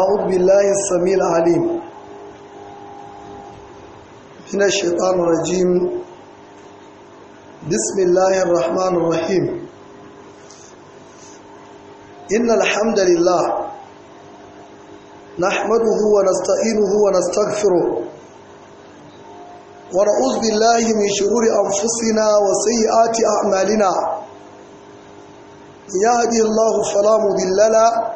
أعوذ بالله السميع العليم من الشيطان الرجيم بسم الله الرحمن الرحيم إن الحمد لله نحمده ونستعينه ونستغفره ونعوذ بالله من شرور أنفسنا وسيئات أعمالنا يهدي الله فلا مضل له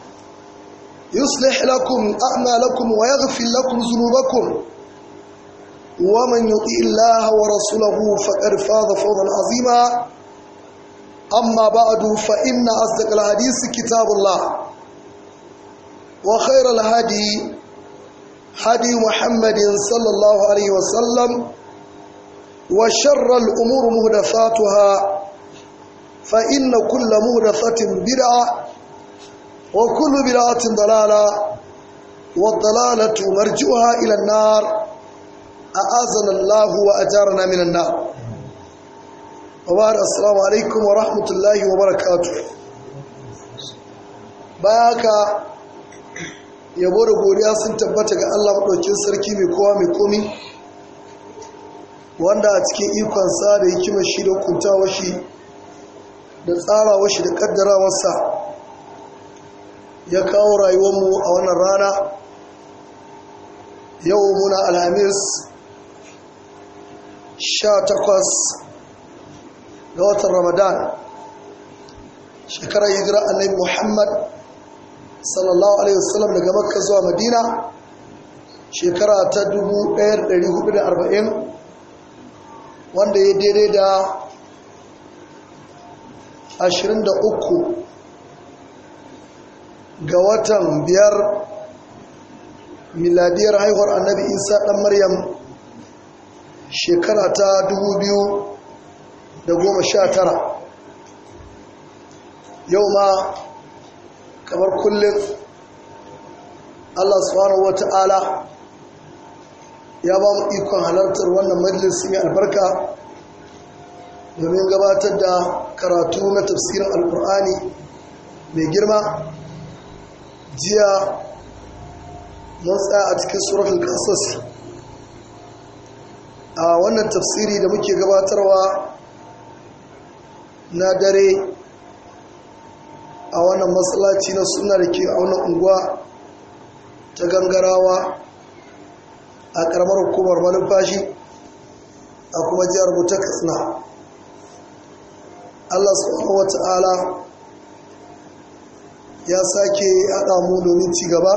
يصلح لكم أعمالكم ويغفر لكم ذنوبكم ومن يطيع الله ورسوله فقد فاز فوزا عظيما أما بعد فإن أصدق الحديث كتاب الله وخير الهدي هدي محمد صلى الله عليه وسلم وشر الأمور مهدفاتها فإن كل مهدفة بدعة وكل بلاة ضلالة والضلالة مرجوها إلى النار أعزنا الله وأجارنا من النار وبعد السلام عليكم ورحمة الله وبركاته باكا yabo da godiya sun tabbata ga Allah maɗaukin sarki mai wanda a cikin ikon sa da hikimar shi da kuntawa shi da tsarawa shi da kaddara wasa ya kawo rayuwarmu a wannan rana yau muna alhamis 18 ga watan ramadan shekarar hijira annabi muhammad sallallahu alaihi wasallam daga makka zuwa madina shekara ta 1440 wanda ya daidai da 23 ga watan biyar miladiyar haihuwar annabi isa ɗan maryam shekara ta 2019 yau ma kamar kullum allah tsawon wata'ala ya ba mu ikon halartar wannan majalisi mai albarka domin gabatar da karatu na tafsirin alkur'ani mai girma jiya mun tsaya a cikin surafin kasas a wannan tafsiri da muke gabatarwa na dare a wannan matsalaci na suna da ke auna unguwa ta gangarawa a karamar hukumar malumfashi a kuma jihar mu katsina allah subhanahu wa ta'ala ya sake haɗa mu domin ci gaba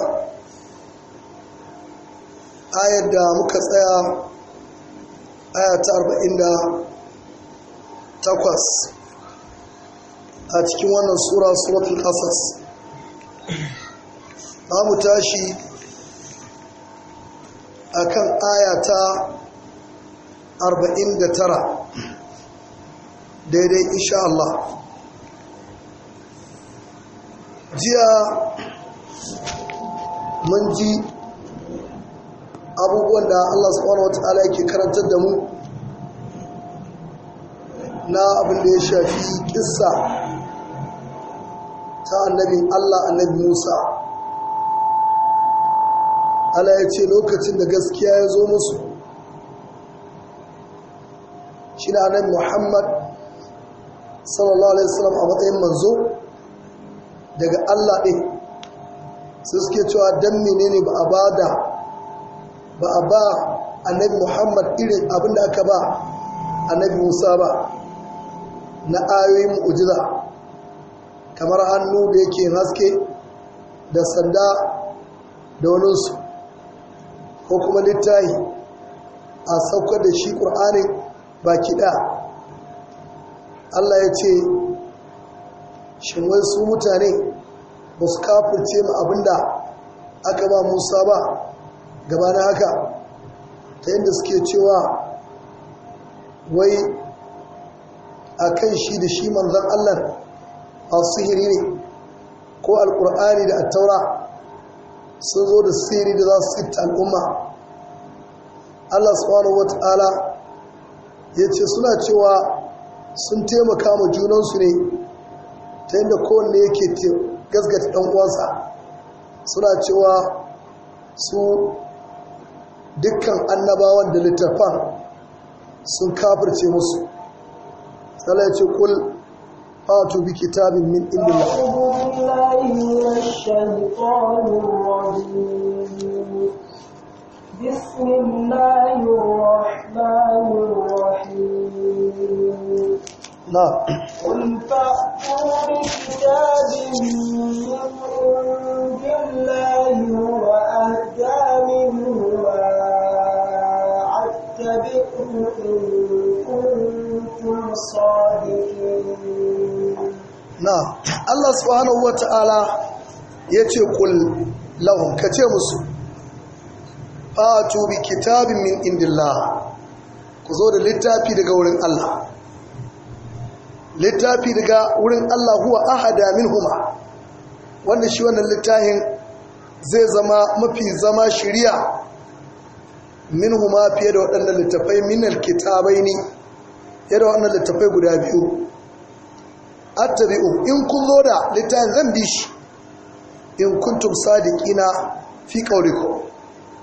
ayar da muka tsaya aya ta takwas a cikin wannan sura suratul asas. ba mu tashi akan aya ta tara daidai insha Allah jiya mun ji abubuwan da allah subhanahu wata'ala yake karantar da mu na abin da ya shafi kissa ta annabi allah annabi musa ala ya ce lokacin da gaskiya ya zo musu shi na annabi muhammad sallallahu alaihi wasallam a matsayin manzo daga Allah ɗin su suke cewa don menene ba a ba da ba a ba annabi muhammad irin abinda aka ba annabi musa ba na ayoyin mu'ujiza kamar hannu da yake haske da sanda da waninsu ko kuma littahi a saukar da shi ƙur'anin baki ɗaya Allah ya ce shin wai su mutane ba su kafirce abin da aka ba musa ba gaba na haka ta yadda suke cewa wai a kan shi da shi manzan allah sihiri ne ko alkur'ani da attaura sun zo da sihiri da za su sifta al'umma allah subhanahu Ta'ala ya ce suna cewa sun taimaka ma junansu ne ta yadda kowanne yake gasgata ɗan uwansa suna cewa su dukkan annabawan da littattafan sun kafirce musu tsala ce kul fatu bi kitabin min indillah بسم الله na Allah subhanahu wa ta’ala ya ce kullum ka ce musu ba tubi kitabin min indin ku zo da littafi daga wurin Allah littafi daga wurin Allah huwa ahada minhuma wanda shi wannan littafin zai zama mafi zama shiriya minhuma fiye da waɗannan littafai minal kitabai ne fiye da waɗannan littafai guda biyu attabi'u in kun zo da littafin zan bi shi in kuntum sadiqina fi qawlikum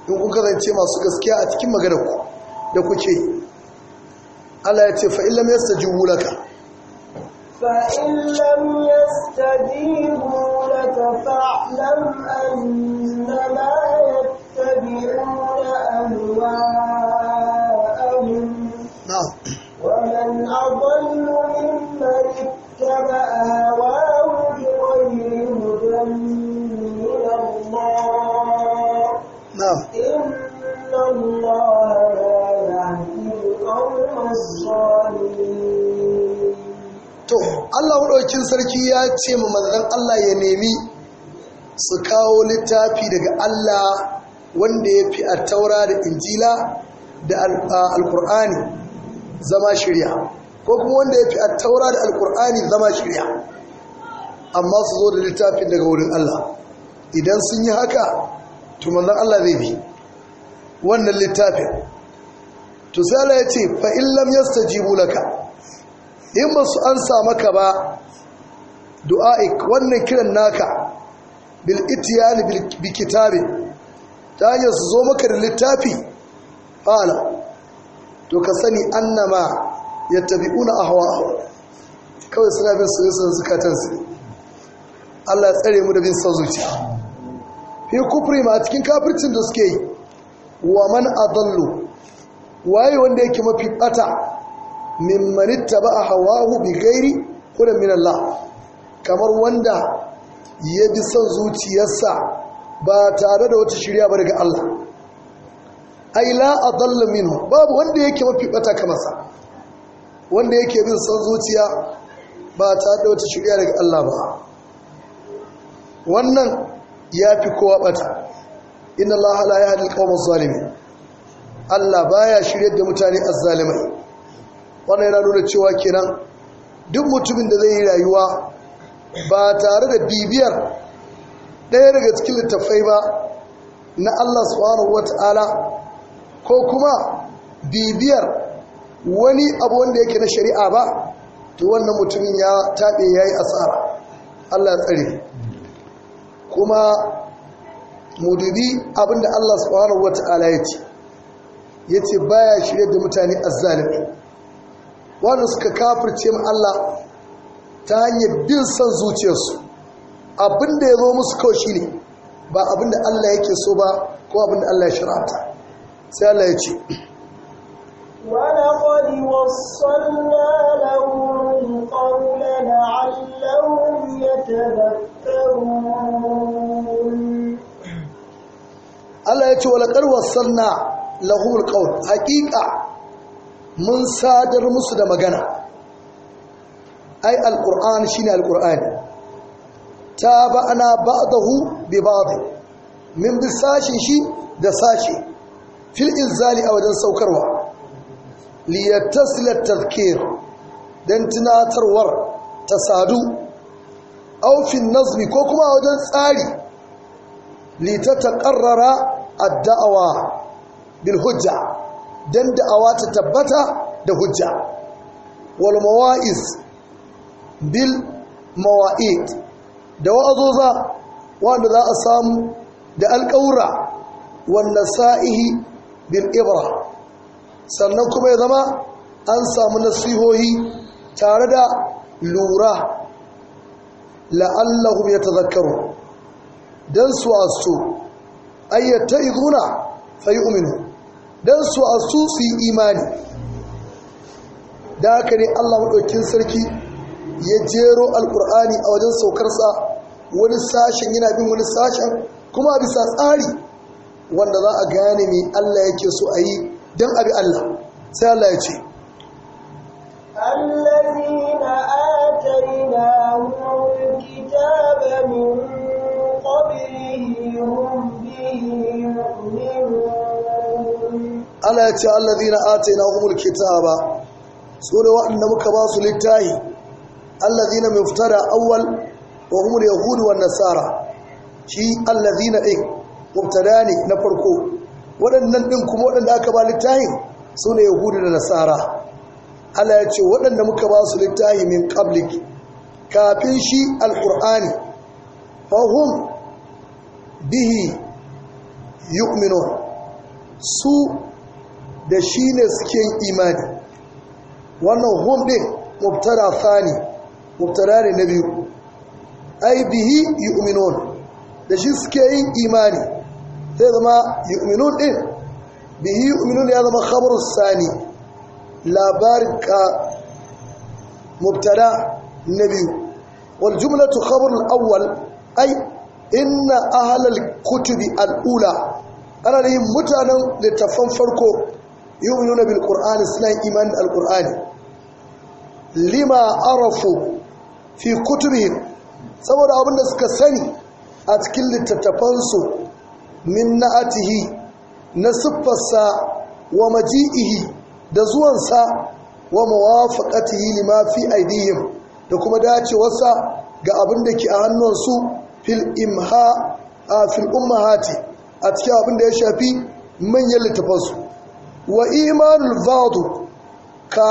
in kun kasance masu gaskiya a cikin maganar ku da kuke Allah ya ce fa illam yastajibu laka فإن لم يستجيبوا لك فاعلم أنما يتبعون أهواءهم نعم. ومن أضل ممن اتبع هواه بغير هدى من الله نعم. إن الله لا يهدي القوم الظالمين to Allah maɗaukin sarki ya ce ma mazan Allah ya nemi su kawo littafi daga Allah wanda ya fi a taura da injila da alkur'ani zama shirya ko kuma wanda ya fi a taura da alkur'ani zama shirya amma su zo da littafin daga wurin Allah idan sun yi haka to mazan Allah zai bi wannan littafin to sai Allah ya ce fa in yasta jibu laka in ba su ansa maka ba du'a'ik wannan kiran naka bil itiyani bi kitabin ta hanyar su zo maka da littafi fala to ka sani annama a hawa. kawai suna bin soyayyar zukatan Allah ya tsare mu da bin son zuciya fi kufri ma cikin kafircin da suke yi wa man adallu waye wanda yake mafi bata ba a hawahu bi hubi, kudin min Allah kamar wanda ya bi son zuciyarsa ba tare da wata shirya ba daga Allah ai la adalla minu babu wanda yake mafi bata kamasa. wanda yake bin son zuciya ba tare da wata shirya daga Allah ba wannan ya fi kowa bata inna Allah la yahdi al-qawma zalimi Allah baya shiryar da mutane azzalimai wannan yana nuna cewa kenan duk mutumin da zai yi rayuwa ba tare da bibiyar ɗaya daga cikin littattafai ba na Allah subhanahu wata'ala ko kuma bibiyar wani abu wanda yake na shari'a ba to wannan mutumin ya taɓe ya yi asara Allah tsare kuma mudubi abinda Allah subhanahu wata'ala ya ce ya ce baya shirya da mutane zalibi. wanda suka kafirce ma Allah ta hanyar bin son zuciyarsu abinda ya zo musu kawai ne, ba abinda Allah yake so ba ko abinda Allah ya shirata sai Allah ya ce ولقد وصلنا لهم القول Allah ya ce يقول ولقد وصلنا لهم القول حقيقة mun sadar musu da magana ai alkur'an shine alkur'ani ta ba'ana ba'dahu bi ba'd min bi sashi shi da sashi fil inzali a wajen saukarwa li yattasila tadhkir tunatarwar ta sadu aw nazmi ko kuma a wajen tsari li tataqarrara ad bil hujja don da'awa ta tabbata da hujja wal mawa'iz bil mawa'id da wa'azoza wanda za a samu da alƙawura wanda sa'ihi bil ibra sannan kuma ya zama an samu nasihohi tare da lura La'allahu ya zakaru. don su asu ayyata izuna yi uminu don su a su su yi imani da haka ne allah maɗaukin sarki ya jero alƙur'ani a wajen saukarsa wani sashen yana bin wani sashen kuma bisa tsari wanda za a gane mai allah yake so a yi don abi allah sai allah ya ce قبله هم به يؤمنون Ala ya ce allazina atayna humul kitaba su ne waɗanda muka ba su littahi allazina min fitara awwal wa humul yahud wa nasara shi allazina ɗin mubtada ne na farko waɗannan ɗin kuma waɗanda aka ba littahi su ne yahudu da nasara Ala ya ce waɗanda muka ba su littahi min qablik kafin shi Alƙur'ani, fahim, bihi yu'minun su da shi ne suke yin imani wannan hum din mubtada thani mubtada ne na biyu ai bihi yu'minun da shi suke yin imani sai zama yu'minun din bihi yu'minun ya zama khabaru sani labar ka mubtada na biyu wal jumlatu khabaru al-awwal ai inna ahlal kutubi al-ula ana yin mutanen littafan farko yu'minuna bil qur'ani suna iman da alqur'ani lima arafu fi kutubihim saboda abin da suka sani a cikin littattafansu min na'atihi na siffarsa wa maji'ihi da zuwansa wa mawafaqatihi lima fi aidihim da kuma dacewarsa ga abin da ke a hannunsu fil imha a fil ummahati a cikin abin da ya shafi manyan littafansu wa imanul fadu ka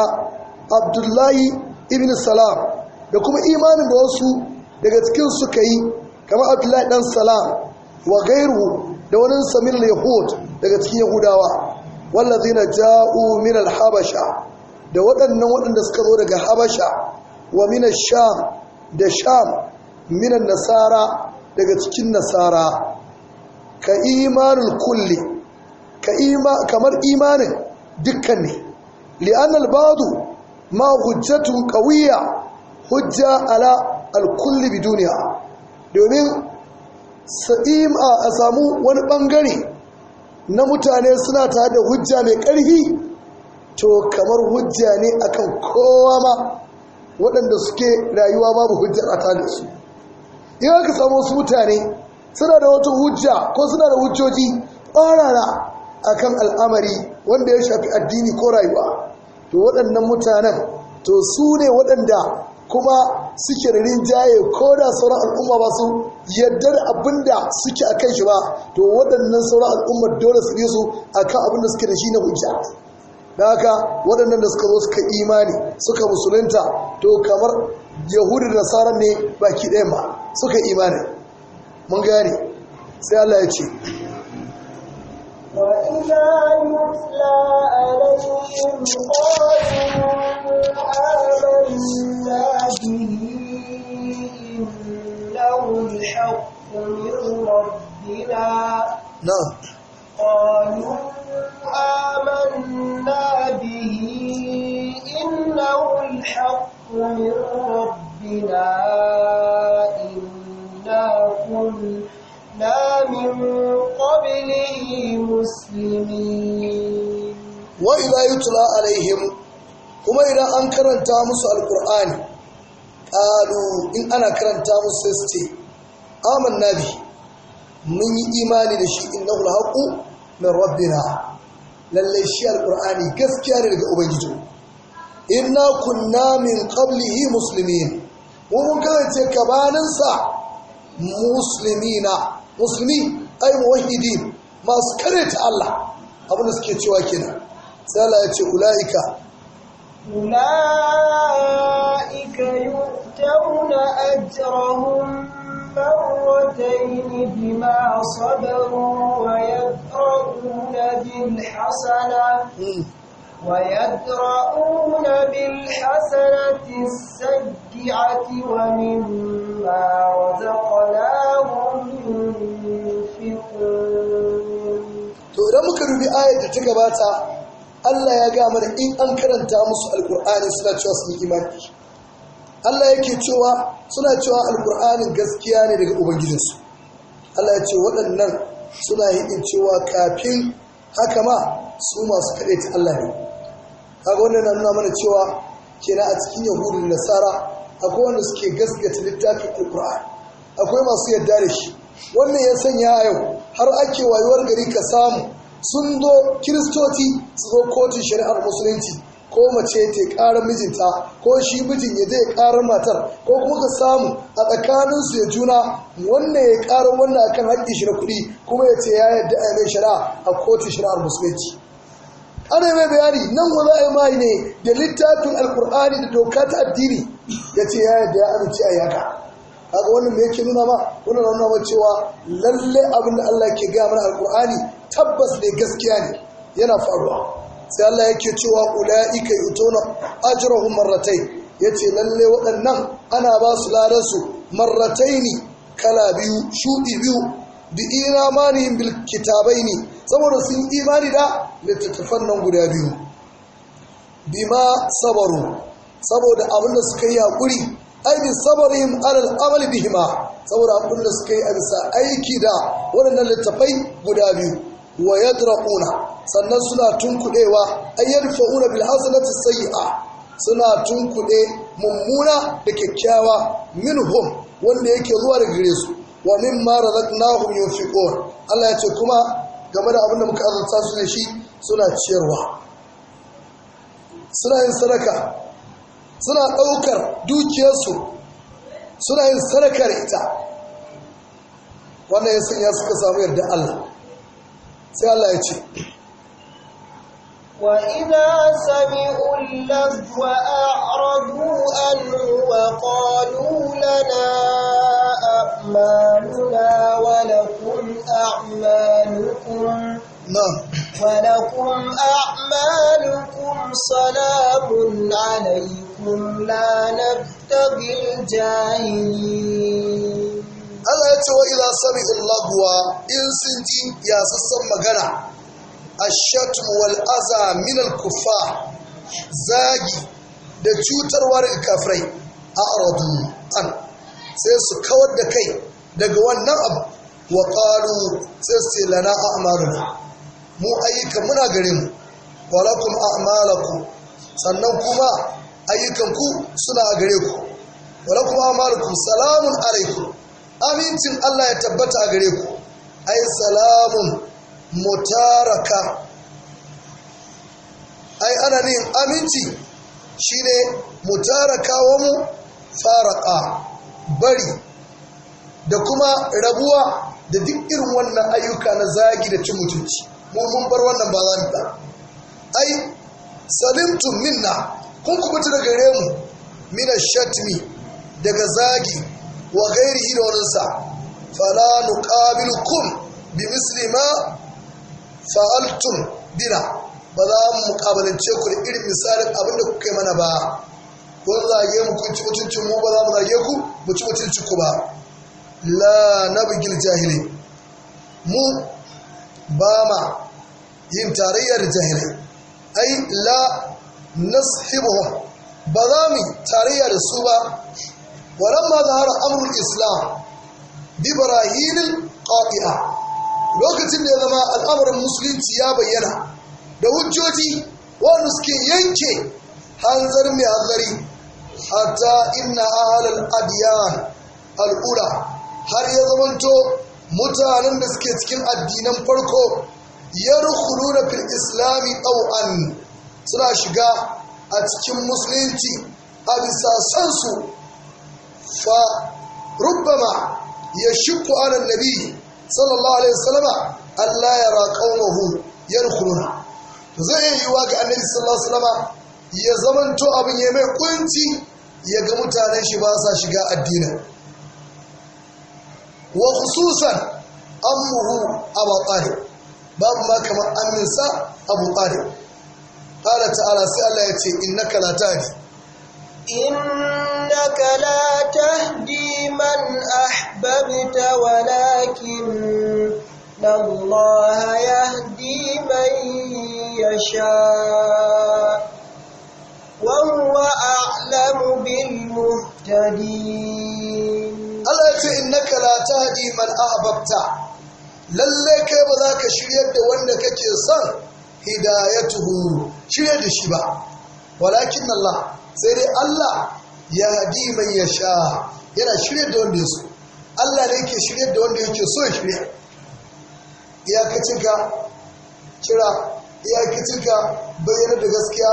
abdullahi ibn salam da kuma imanin da wasu daga cikin suka yi kamar abdullahi dan salam wa gairu da wani samin yahud daga cikin yahudawa wallazina ja'u minal habasha da waɗannan waɗanda suka zo daga habasha wa mina sham da sham min nasara daga cikin nasara ka imanul kulli kamar imanin dukkan ne li'an albadu ma hujjatun kawiyya hujja ala alkulli bi duniya domin a samu wani bangare na mutane suna tare da hujja mai ƙarfi to kamar hujja ne akan kowa ma waɗanda suke rayuwa babu hujja a tare da su in aka samu wasu mutane suna da wata hujja ko suna da hujjoji ƙwarara akan al'amari wanda ya shafi addini ko rayuwa to waɗannan mutanen to su ne waɗanda kuma suke rinjaye ko da sauran al'umma ba su yadda da abin suke a kai shi ba to waɗannan sauran al'umma dole su su a kan abin suke da shi na hujja da haka waɗannan da suka zo suka imani suka musulunta to kamar yahudi da nasarar ne baki ɗaya ba suka imani mun gane sai Allah ya ce وإذا يتلى an karanta musu alkur'ani ƙalu in ana karanta musu sai su ce amin nabi mun yi imani da shi inna haƙu min rabbina lallai shi alkur'ani gaskiya ne daga ubangiji inna kunna min qablihi muslimin mu mun ce kabaninsa muslimina musulmi ai muwahidin masu kare ta Allah abin da suke cewa kenan sai Allah ya ce ulaika أولئك يؤتون أجرهم مرتين بما صبروا ويدرؤون بالحسنة ويدرؤون بالحسنة السيئة ومما رزقناهم ينفقون. To idan muka dubi ayar da ta gabata Allah ya ga mana in an karanta musu alkur'ani suna cewa sun yi imani Allah yake cewa suna cewa alkur'ani gaskiya ne daga ubangijinsu Allah ya ce waɗannan suna yin cewa kafin haka ma su masu ta Allah ne kaga wannan na nuna mana cewa kenan a cikin yahudun nasara akwai wanda suke gaskata littafin alkur'ani akwai masu yarda da shi wannan ya sanya a yau har ake wayuwar gari ka samu sun zo kiristoci su zo kotun shari'ar musulunci ko mace ta ƙara mijinta ko shi mijin ya je ya ƙara matar ko kuma ka samu a tsakanin ya juna wannan ya ƙara wannan akan haƙƙin shi na kuɗi kuma ya ce ya yadda a mai shari'a a kotun shari'ar musulunci ana mai bayani nan yi mai ne da littafin alkur'ani da doka ta addini ya ce ya yadda ya amince a yaka haka wannan me yake nuna ma wannan nuna ma cewa lalle abin da Allah ke gaya mana alkur'ani tabbas ne gaskiya ne yana faruwa sai Allah yake cewa ula'ika yutuna ajrahum ya ce lalle waɗannan ana ba su ladan su marrataini kala biyu shuɗi biyu bi imanihim bil kitabaini saboda sun imani da littattafan nan guda biyu bima sabaru saboda abin da suka yi hakuri ai bi sabarihim alal amali bihima saboda abin da suka yi a bisa aiki da waɗannan littattafai guda biyu wa yadra'una sannan suna tunkudewa ay yarfa'una bil hasanati sayyi'a suna tunkude mummuna da kyakkyawa minhum wanda yake zuwa da gare su wa mimma razaqnahum yunfiqun Allah ya ce kuma game da abinda muka azurta su ne shi suna ciyarwa suna yin sadaka suna ɗaukar dukiyarsu suna yin sadakar ita wannan ya sanya suka samu yarda Allah sai Allah ya ce wa idza sami'u lahwa a'radu anhu wa qalu lana a'maluna wa lakum a'malukum ولكم أعمالكم سلام عليكم لا نبتغي الجاهلين Allah ya ce wa idza sami'u lagwa in sun ji sassan magana ashatm wal aza min al zagi da cutarwa daga kafirai a'radu an sai su kawar da kai daga wannan abu wa qalu sai su ce lana a'maluna mu ayyuka muna gare mu walakum a a'malakum sannan kuma ayyukanku suna a gare ku walakum a a'malukum salamun alaikum amincin Allah ya tabbata a gare ku ai salamun mutaraka ai ana yin aminci shine mutaraka wa mu faraka bari da kuma rabuwa da duk irin wannan ayyuka na zagi da cin mutunci mun bar wannan ba za mu ai salimtum minna kun kubuta daga gare mu mina shatmi daga zagi wa gairihi da waninsa fala nuqabilukum bi misli ma fa'altum bina ba za mu mukabalance ku da irin misalin abin da kuka yi mana ba ko zage mu kun ci mutuncin mu ba za mu zage ku mu ci mutuncin ku ba la na bigil jahili mu ba ma yin tarayyar jahili ai la nashibuhum ba za mu tarayya da su ba walamma har amrul islam bi barahinil qati'a lokacin da ya zama al'amarin musulunci ya bayyana da hujjoji wanda suke yanke hanzar mai hanzari hatta inna ahlal adiyan al'ula har ya zamanto mutanen da suke cikin addinan farko ya rukuluna fil islami ɗau'an suna shiga a cikin musulunci a bisa فربما يشق على النبي صلى الله عليه وسلم أن لا يرى قومه يدخلون zai yi wa ga annabi sallallahu alaihi wasallam ya zamanto abin ya mai kunci ya ga mutane shi ba sa shiga addinin wa khususan ammuhu abu talib babu ma kamar aminsa abu talib qala ta'ala sai Allah ya ce innaka la tahdi إنك لا تهدي من أحببت ولكن الله يهدي من يشاء وهو أعلم بالمهتدين الله يقول إنك لا تهدي من أحببت lallai kai ba za ka shiryar da wanda kake son hidayatuhu shirya da shi ba walakin Allah sai dai Allah ya hadi man ya sha yana shirya da wanda ya so Allah ne yake shirya da wanda yake so ya shirya ka kira iyakacinka bayyana da gaskiya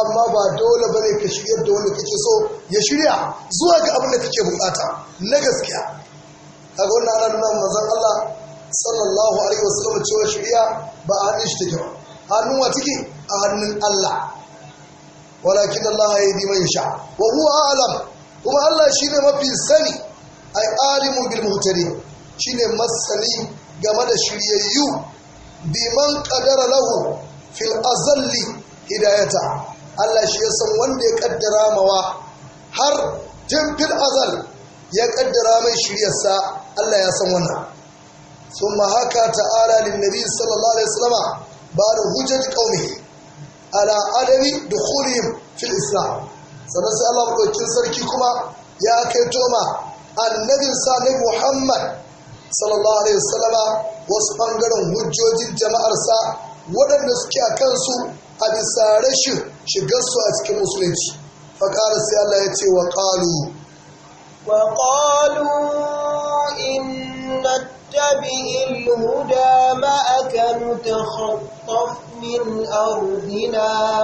amma ba dole bane ka shirya da wanda kake so ya shirya zuwa ga abin da kake bukata na gaskiya kaga wannan ana nuna manzon Allah sallallahu alaihi wasallam cewa shirya ba a hannun shi take ba hannun wa take a hannun Allah walakin Allah ya yi mai sha wa alam kuma Allah shi ne mafi sani a alimu bil shi ne masani game da shiryayyu biman qadara lahu fil azalli hidayata Allah shi ya san wanda ya kaddara mawa har tun fil azal ya kaddara mai shiryarsa Allah ya san wannan ثم هكا تعالى للنبي صلى الله عليه ba da hujjat قومه ala adami dukhulihim fil islam sannan sai Allah sarki kuma ya kai toma annabin sa Muhammad sallallahu alaihi wasallama wasu ɓangaren hujjojin jama'arsa waɗanda suke a kansu a bisa rashin shigarsu a cikin musulunci faƙara sai Allah ya ce wa ƙalu wa ƙalu in نتبع الهدى معك نتخطف من أرضنا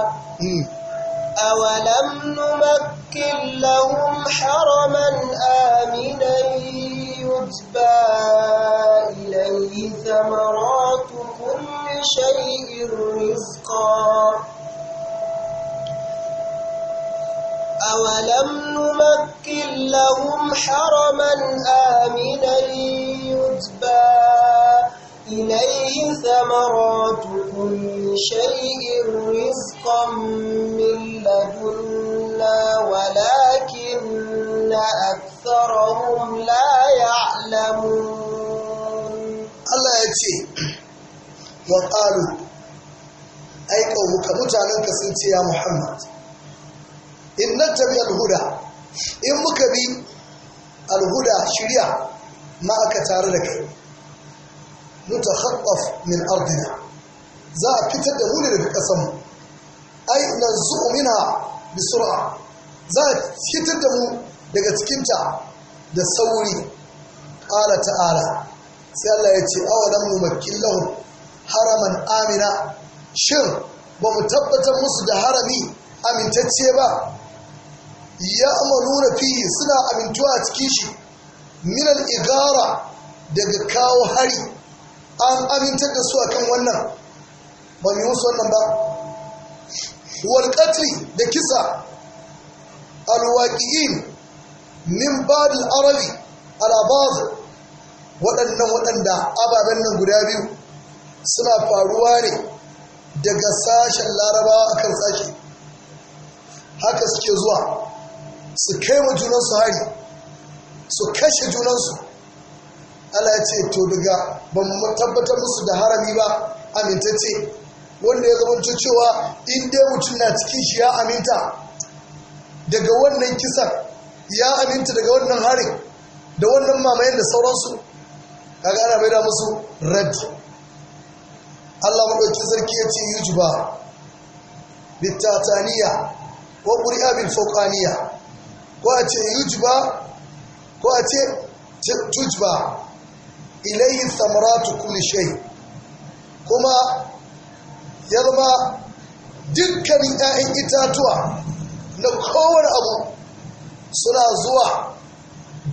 أولم نمكن لهم حرما آمنا يجبى إليه ثمرات كل شيء رزقا أولم نمكن لهم حرما آمنا يتبى إليه ثمرات كل شيء رزقا من لدنا ولكن أكثرهم لا يعلمون الله يأتي وقالوا أي قومك متعلق سنتي يا محمد in nan tabi alhuda in muka bi alhuda shirya ma aka tare da kai nutakhattaf min ardina za a fitar da mu daga ƙasanmu ai nanzu mina bi sur'a za a fitar da mu daga cikinta da sauri ƙala ta'ala sai Allah ya ce awalan mu makkin haraman amina shin ba mu tabbatar musu da harami amintacce ba ya manuna fihi suna amintuwa a cikin shi Minan igara daga kawo hari an amintar da su akan wannan ba mai musu wannan ba walƙatri da kisa alwaƙi'in min badin arabi alabaz waɗannan waɗanda ababen nan guda biyu suna faruwa ne daga sashen larabawa kan sashe haka suke zuwa su kai wa junansu hari su kashe junansu Allah ya ce to daga ban tabbatar musu da harami ba amintacce wanda ya zama cewa in dai mutum na cikin shi ya aminta daga wannan kisan ya aminta daga wannan harin da wannan mamayen da sauransu Ka gana bai da musu rad. Allah maɗauki sarki ya ce yi ba Bittataniya wa ƙuri'a bin fauƙaniya ko a ce yujba ko a ce tujba ilayhi samaratu kulli shay kuma ya zama dukkanin 'ya'yan itatuwa na kowane abu suna zuwa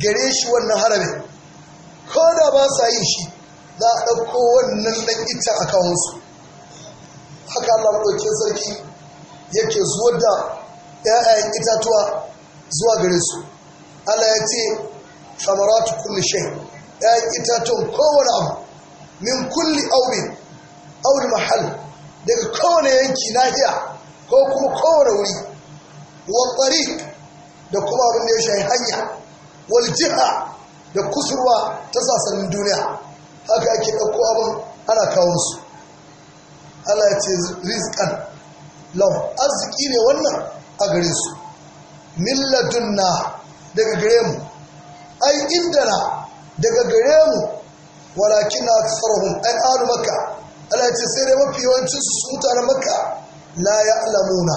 gare shi wannan harabi. ko da ba sa yin shi za a ɗauko wannan ɗan ita a kawansu haka Allah ɗauke sarki yake zuwa da ‘ya'yan itatuwa zuwa gare su Allah ya ce samaratu kulli shai ya itatun kowane abu min kulli aure auri mahal daga kowane yanki nahiya ko kuma kowane wuri wa da kuma abin da ya shahi hanya wal jiha da kusurwa ta sasannin duniya haka ake ɗauko abin ana kawo su Allah ya ce rizkan lau arziki ne wannan a gare su na daga gare mu ai na daga gare mu walakin na tsarahun an alu maka ala sai dai mafi yawancin su na maka la ya alamuna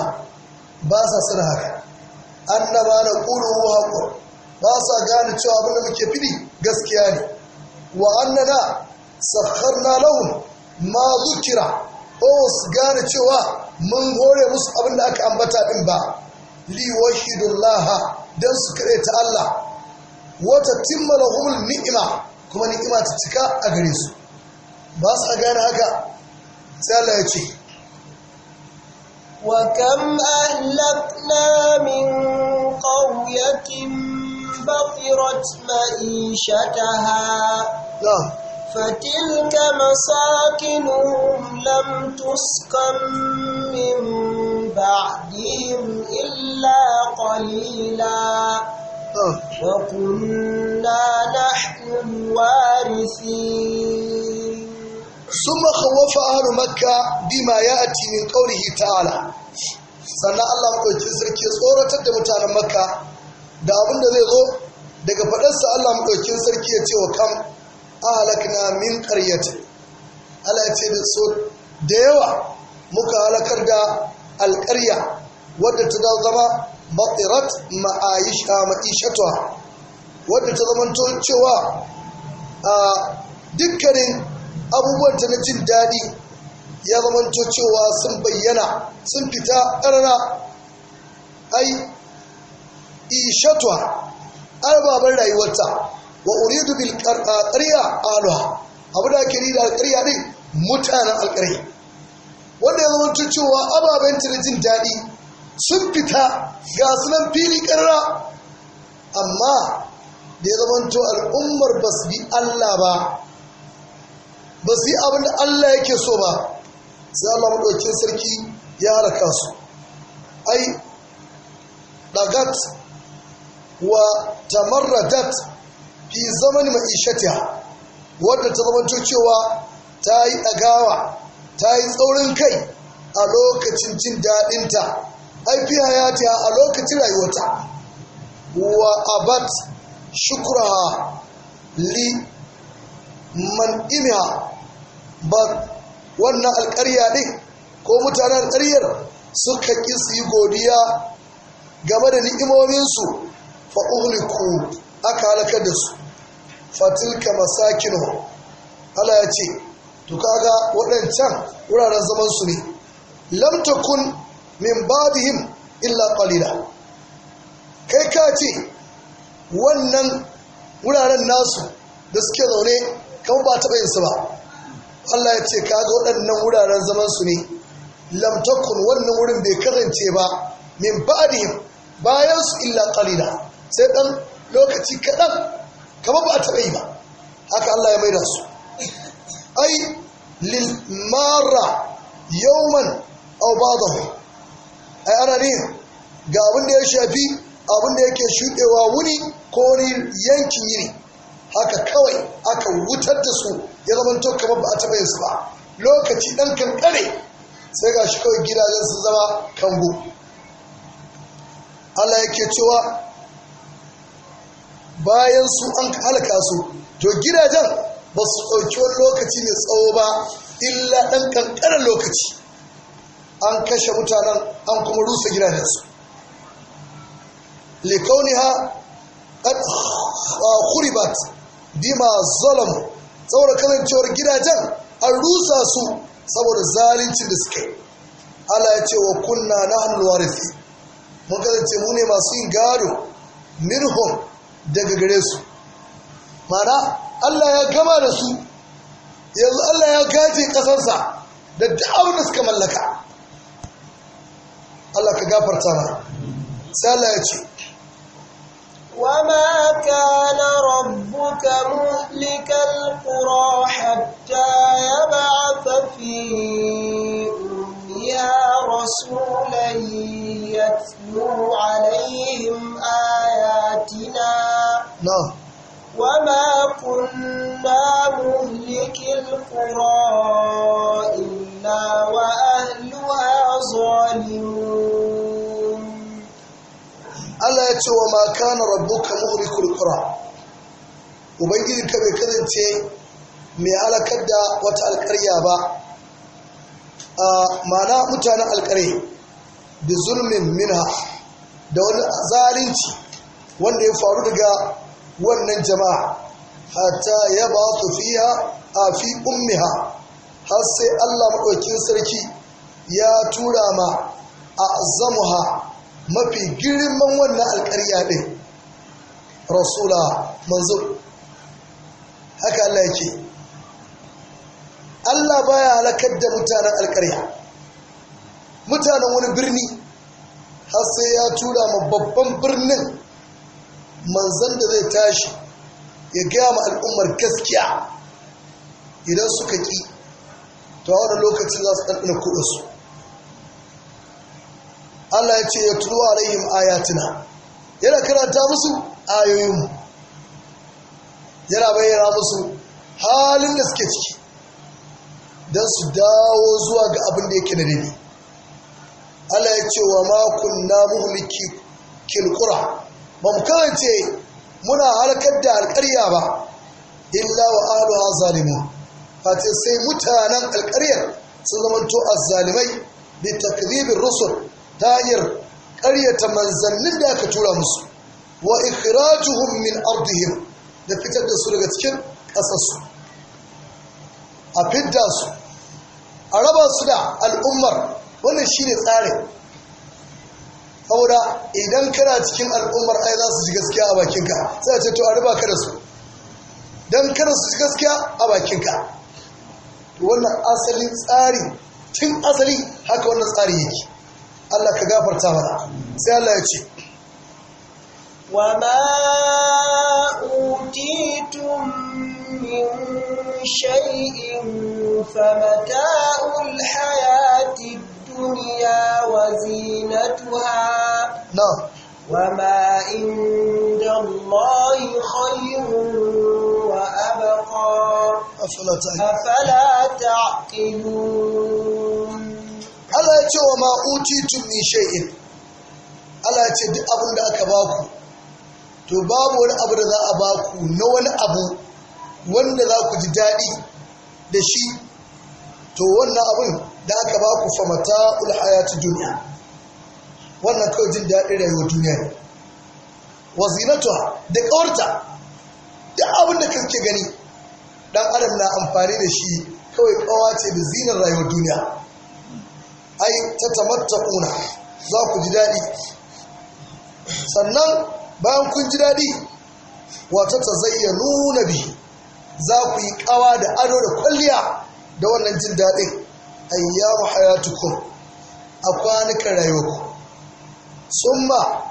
ba sa suna haka an na ƙuru haƙur ba sa gane cewa abin da muke fini gaskiya ne wa safar na launin ma zukira ko su gane cewa mun hore musu abin da aka ambata din ba liwashidullaha don su kare ta Allah wata timma lahumul ni'ima kuma ni'ima ta cika a gare su ba su a gane haka sai Allah ya ce وكم أهلكنا من قرية بطرت معيشتها فتلك مساكنهم لم تسكن من بعدهم إلا قليلا وكنا نحن الوارثين ثم خوف أهل مكة بما يأتي من قوله تعالى sannan Allah maɗaukin sarki tsoratar da mutanen makka da abin da zai zo daga faɗarsa Allah maɗaukin sarki ya ce wa kam na min ƙaryata Allah ya ce da so da yawa muka halakar da alƙarya wadda ta zama matsirat ma'aishatuwa wadda ta zama cewa a dukkanin abubuwanta na jin daɗi ya zama cewa sun bayyana sun fita ƙarana ai ishatuwa albaban rayuwarta wa uridu bil ƙarya aluwa abu da ake da alƙarya ɗin mutanen alƙarya wanda ya zama cewa ababen ta jin daɗi sun fita ga sunan fili ƙarra amma da ya zama to al'ummar ba su bi Allah ba ba su yi abin da Allah yake so ba sai Allah maɗaukin sarki ya halaka su ai dagat wa tamarradat fi zamani ma'ishatiya wadda ta zama cewa ta yi ɗagawa ta yi tsaurin kai a lokacin jin daɗinta ai ya a lokacin rayuwata wa abat shukura li man imiha ba wannan alƙarya ɗin ko mutanen alƙaryar suka ƙi su yi godiya game da ni'imominsu fa uhliku aka halakar da su fatilka masakinu Allah ya ce to kaga waɗancan wuraren zaman su ne lam min babihim illa qalila kai ka ce wannan wuraren nasu da suke zaune kama ba taɓa yin su ba Allah ya ce kaga waɗannan wuraren zaman su ne lam wannan wurin bai karance ba min ba'dihim bayan su illa qalila sai ɗan lokaci kaɗan kama ba a taɓa yi ba haka Allah ya maida su Lil للمارة يوما أو بعضه أي ana ne ga abin da ya shafi abin da yake shuɗewa wuni ko wani yankin yini haka kawai aka wutar da su ya zama to kamar ba a yin su ba lokaci ɗan kankare sai ga shi kawai gidajen su zama kango Allah yake cewa bayan su an halaka su to gidajen ba su ɗauki wani lokaci mai tsawo ba illa ɗan ƙanƙanin lokaci an kashe mutanen an kuma rusa gidajensu likauniha qad khuribat ah, bima zalam saboda kasancewar gidajen an rusa su saboda zaluncin da suka yi ya ce wa kunna na nahnu warithi mun kasance mu ne masu yin gado minhum daga gare su mana Allah ya gama da su yanzu Allah ya gaji ƙasarsa da da'awar suka mallaka Allah ka gafarta mana sai Allah ya ce وما كان ربك مهلك القرى حتى يبعث في أمها رسولا يتلو عليهم ayatina. وما كنا مهلك القرى إلا وأهلها ظالمون Allah ya ce wa maka na rabbuka muhlikul qura ubangiji ka bai kasance mai halakar da wata alƙarya ba a mana mutanen alƙarya da zulmin minha da wani zalunci wanda ya faru daga wannan jama'a hata ya ba su fiya a fi ummiha har sai Allah maɗaukin sarki ya tura ma a zamuha mafi girman wannan alƙarya ɗin rasula manzo haka Allah yake Allah baya halakar da mutanen alƙarya mutanen wani birni har sai ya tura ma babban birnin manzan da zai tashi ya gaya ma al'ummar gaskiya idan suka ƙi ta wani lokacin za su ɗanɗana kuɗinsu Allah ya ce ya turu alaihim ayatina yana karanta musu ayoyin yana bayyana musu halin da suke ciki don su dawo zuwa ga abin da yake da dade Allah ya ce wa makon na muhliki kilkura ba mu kasance muna halakar da alkarya ba illa wa ha zalimun fati sai mutanen alƙaryar sun zamanto azzalimai bi takribin rusul ta hanyar ƙaryata manzannin da aka tura musu wa ikhrajuhum min ardihim da fitar da su daga cikin ƙasarsu a fidda su a raba su da al'ummar wannan shine tsarin saboda idan kana cikin al'ummar ai za su ji gaskiya a bakinka sai a ce to a riba ka da su dan kana su ji gaskiya a bakinka wannan asalin tsari tun asali haka wannan tsari yake Allah ka gafarta mana sai Allah ya ce ma utitum min shay'in fa mata'ul-hayati. الدنيا وزينتها نعم وما عند الله خير وأبقى أفلا أفلا تعقلون Allah ya ce wa ma'uti tumi shay'in Allah ya ce duk abin da aka baku to babu wani abu da za a baku na wani abu wanda za ku ji daɗi da shi to wannan abin da aka ba ku famata ta duniya wannan kawai jin daɗin rayuwar duniya ne wa zinatuwa da ƙawarta duk abin da kake gani Ɗan adam na amfani da shi kawai ƙawa ce da zinar rayuwar duniya ai ta tamatta ƙuna za ku ji daɗi sannan bayan kun ji daɗi wata ta zayyano na biyu za ku yi ƙawa da ado da kwalliya da wannan jin daɗin ayyamu hayatukum a kwanukan rayuwarku ma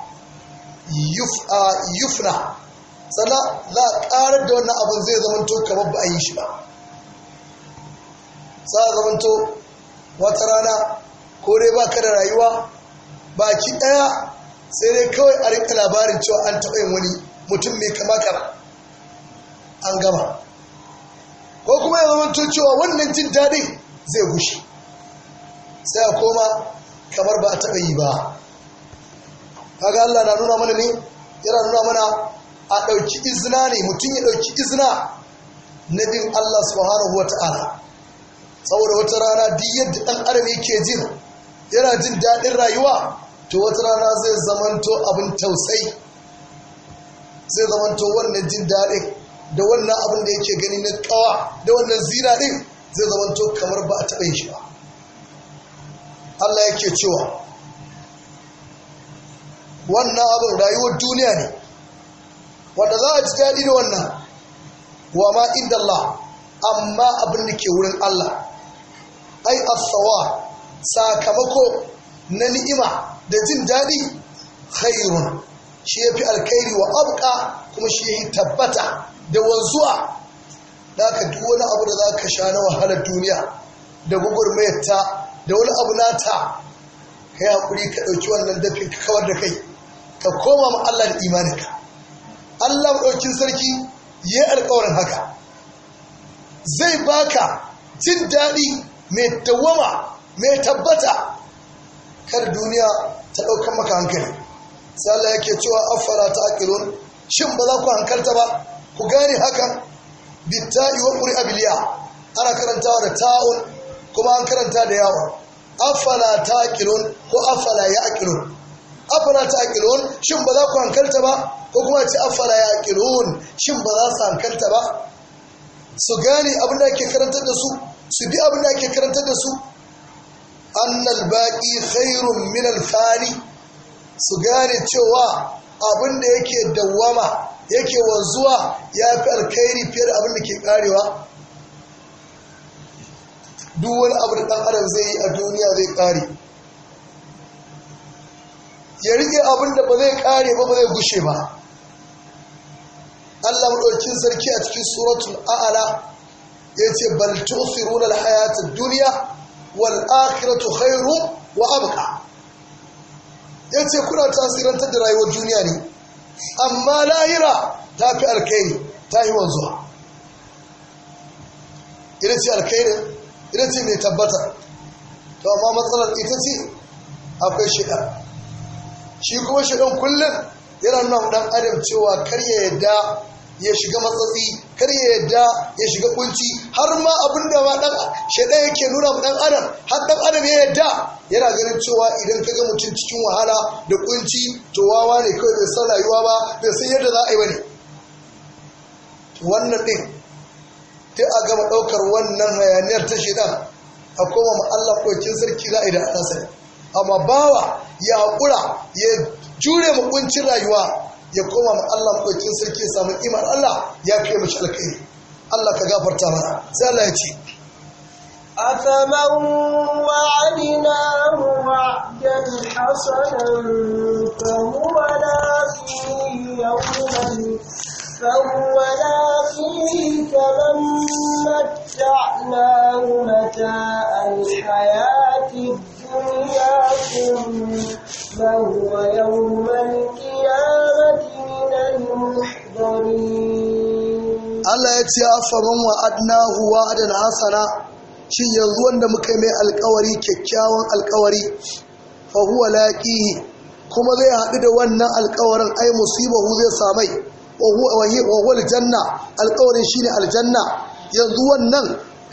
yufna sannan za a ƙara da wannan abin zai zamanto kamar ba a yi shi ba za a zamanto wata rana ko dai ba ka da rayuwa baki ɗaya sai dai kawai a rinka labarin cewa an taɓa yin wani mutum mai kama kama an gama ko kuma ya zamanto cewa wannan jin daɗin zai gushi sai a koma kamar ba a taɓa yi ba kaga Allah na nuna mana ne yana nuna mana a ɗauki izina ne mutum ya ɗauki izina na bin Allah subhanahu wa ta'ala saboda wata rana duk yadda ɗan adam yake jin yana jin daɗin rayuwa to wata rana zai zamanto abin tausayi zai zamanto wannan jin daɗin da wannan abin da yake gani na ƙawa da wannan zina ɗin zai zama to kamar ba a taɓa yin shi ba Allah yake cewa wannan abin rayuwar duniya ne wanda za a ji daɗi da wannan wa ma inda Allah amma abin da ke wurin Allah ai asawa sakamako na ni'ima da jin daɗi khairun shi ya fi alkhairi wa abuka kuma shi ya yi tabbata da wanzuwa da ka duk wani abu da za ka sha na wahalar duniya da gwagwarmayarta da wani abu nata ka yi haƙuri ka ɗauki wannan dafin ka kawar da kai ka koma ma Allah da imaninka Allah ɗaukin sarki ya yi alƙawarin haka zai baka jin daɗi mai dawama mai tabbata kar duniya ta ɗaukar maka hankali sai yake cewa afara ta akilun shin ba za ku hankalta ba ku gane hakan bitta'i wa qur'a bil ana karantawa da ta'un kuma an karanta da yawa afala taqilun ko afala yaqilun afala taqilun shin ba za ku hankalta ba ko kuma ce afala yaqilun shin ba za su hankalta ba su gane abin da ake karantar da su su bi abin da ake karantar da su annal baqi khairun min al fani su gane cewa abin da yake dawwama yake wanzuwa ya fi alkhairi fiye da abin da ke karewa duk wani abu da ɗan adam zai yi a duniya zai kare ya riƙe abin da ba zai kare ba ba zai gushe ba Allah maɗaukin sarki a cikin suratul a'ala ya ce bal tu'thiruna al-hayatad dunya wal akhiratu khairu wa abuka. ya ce kuna tasirantar da rayuwar duniya ne amma lahira ta fi alkhairi ta yi wanzuwa ita ce alkhairi ita ce mai tabbata to amma matsalar ita ce akwai shida shi kuma shiɗan kullum yana nan ɗan adam cewa kar ya yadda ya shiga matsatsi kar ya yadda ya shiga kunci har ma abin da ma dan shaɗa yake nuna ma dan adam har ɗan adam ya yadda yana ganin cewa idan ka ga mutum cikin wahala da kunci to wawa ne kawai bai san rayuwa ba bai san yadda za a yi bane wannan ɗin, ta a gama ɗaukar wannan hayaniyar ta shaidan a koma ma Allah sarki za a yi da sani, amma bawa ya haƙura ya jure mukuncin rayuwa ya koma ma Allah kwakin sarki ya samu iman Allah ya kai mashi alkai Allah ka gafarta mana sai Allah ya ce أفمن وعدناه وعدا حسنا فهو لاقيه يوم فهو لاقيك من متعناه متاع الحياة الدنيا ثم هو يوم القيامة من المحضرين الله يتي أفمن وعدناه وعدا حسنا shin yanzu wanda muka mai alkawari kyakkyawan alkawari fa huwa laqihi kuma zai haɗu da wannan alkawarin ai musibahu zai samai wa janna aljanna shi shine aljanna yanzu wannan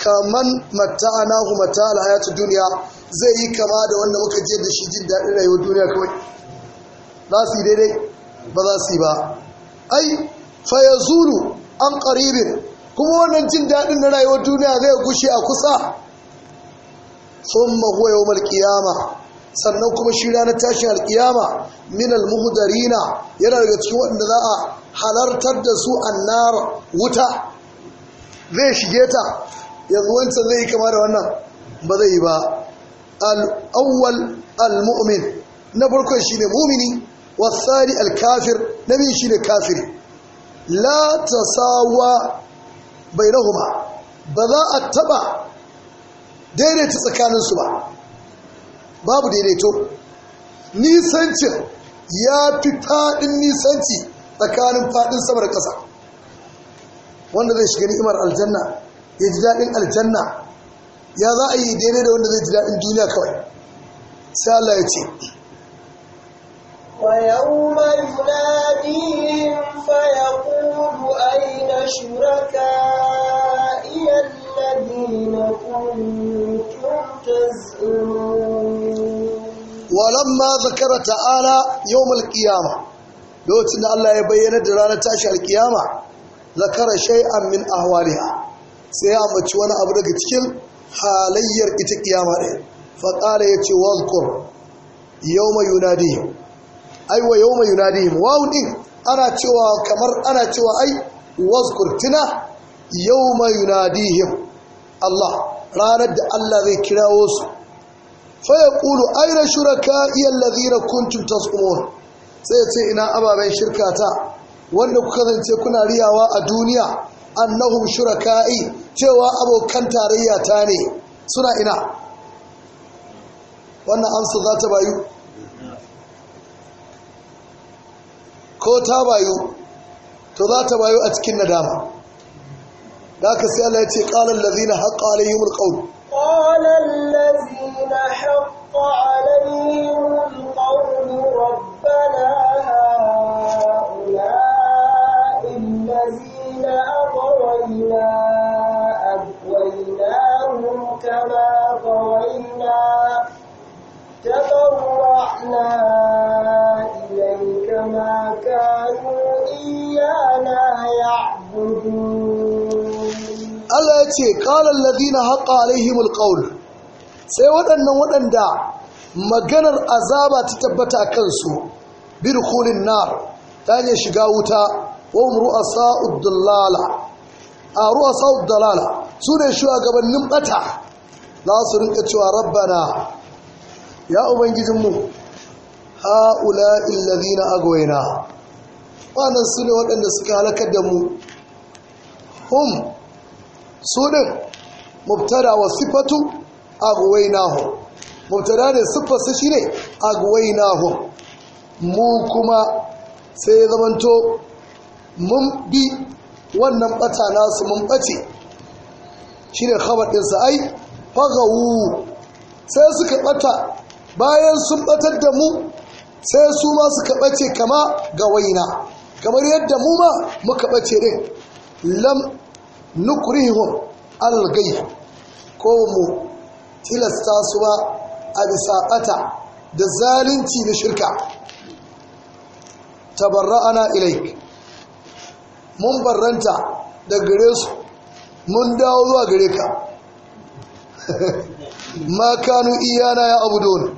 kaman mata'anahu mata'al ta duniya zai yi kama da wanda muka je da shi jin daɗin rayuwar duniya kawai za su yi daidai ba za su yi ba ai faya zulu an ƙaribin kuma wannan jin daɗin na rayuwar duniya zai gushe a kusa sun mahuwa yau malƙiyama. sannan kuma shi ranar tashin alkiyama min almuhdarina yana daga cikin waɗanda za a halartar da su annar wuta zai shige ta yanzu wancan zai yi kama da wannan ba zai yi ba al-awwal al-mu'min na farko shine mu'mini wasani al-kafir na biyu shine kafiri la tasawa bainahuma ba za a taba daidaita tsakaninsu ba babu daidaito nisancin ya fi faɗin nisanci tsakanin faɗin samar ƙasa wanda zai shiga ni'imar aljanna ya ji daɗin aljanna ya za a yi daidai da wanda zai ji daɗin duniya kawai sai Allah ya ce ويوم يناديهم فيقول أين شركائي الذين كنتم تزعمون falamma zakara ta'ala yawmal qiyama lokacin da Allah ya bayyana da ranar tashi alkiyama zakara shay'an min ahwaliha sai ya mace wani abu daga cikin halayyar ita kiyama ɗin faƙala ya ce wazkur yawma yunadihim ai wa yawma yunadihim wawun din ana cewa kamar ana cewa ai wazkur tuna yawma yunadihim Allah ranar da Allah zai kirawo su fayaqulu aina iya alladhina kuntum tasqumun sai ce ina ababen shirkata wanda ku kasance kuna riyawa a duniya annahum shuraka'i cewa abokan tarayya ta ne suna ina wannan amsa za ta bayu ko ta bayu to za ta bayu a cikin nadama ذاك سأل التي قال الذين حق عليهم القول قال الذين حق عليهم القول ربنا هؤلاء الذين أغوينا أغويناهم كما غوينا تبرعنا إليك ما كانوا إيانا يعبدون Allah ya ce ƙalar ladina haƙa alaihimul ƙaul sai waɗannan waɗanda maganar azaba ta tabbata kansu bir kulin nar ta hanyar shiga wuta wa ru'asa uddalala a ru'asa uddalala su ne shugabannin bata za su rinka cewa rabbana ya ubangijinmu ha'ula illazina agwaina wannan su ne waɗanda suka halakar da mu hum su ɗin, mubtada wa sifatu aghwaynahum mubtada da siffar su shine aghwaynahum mu kuma sai ya zamanto mun bi wannan bata nasu mun bace shine khabar din sa ai fagawu sai suka bata bayan sun batar da mu sai su ma suka bace kama ga waina kamar yadda mu ma muka ɓace din lam nukrihum algai ko mu tilasta su ba a bisa ɓata da zalunci da shirka ana ilaik mun barranta da gare su mun dawo zuwa gare ka Makanu iyana ya abu don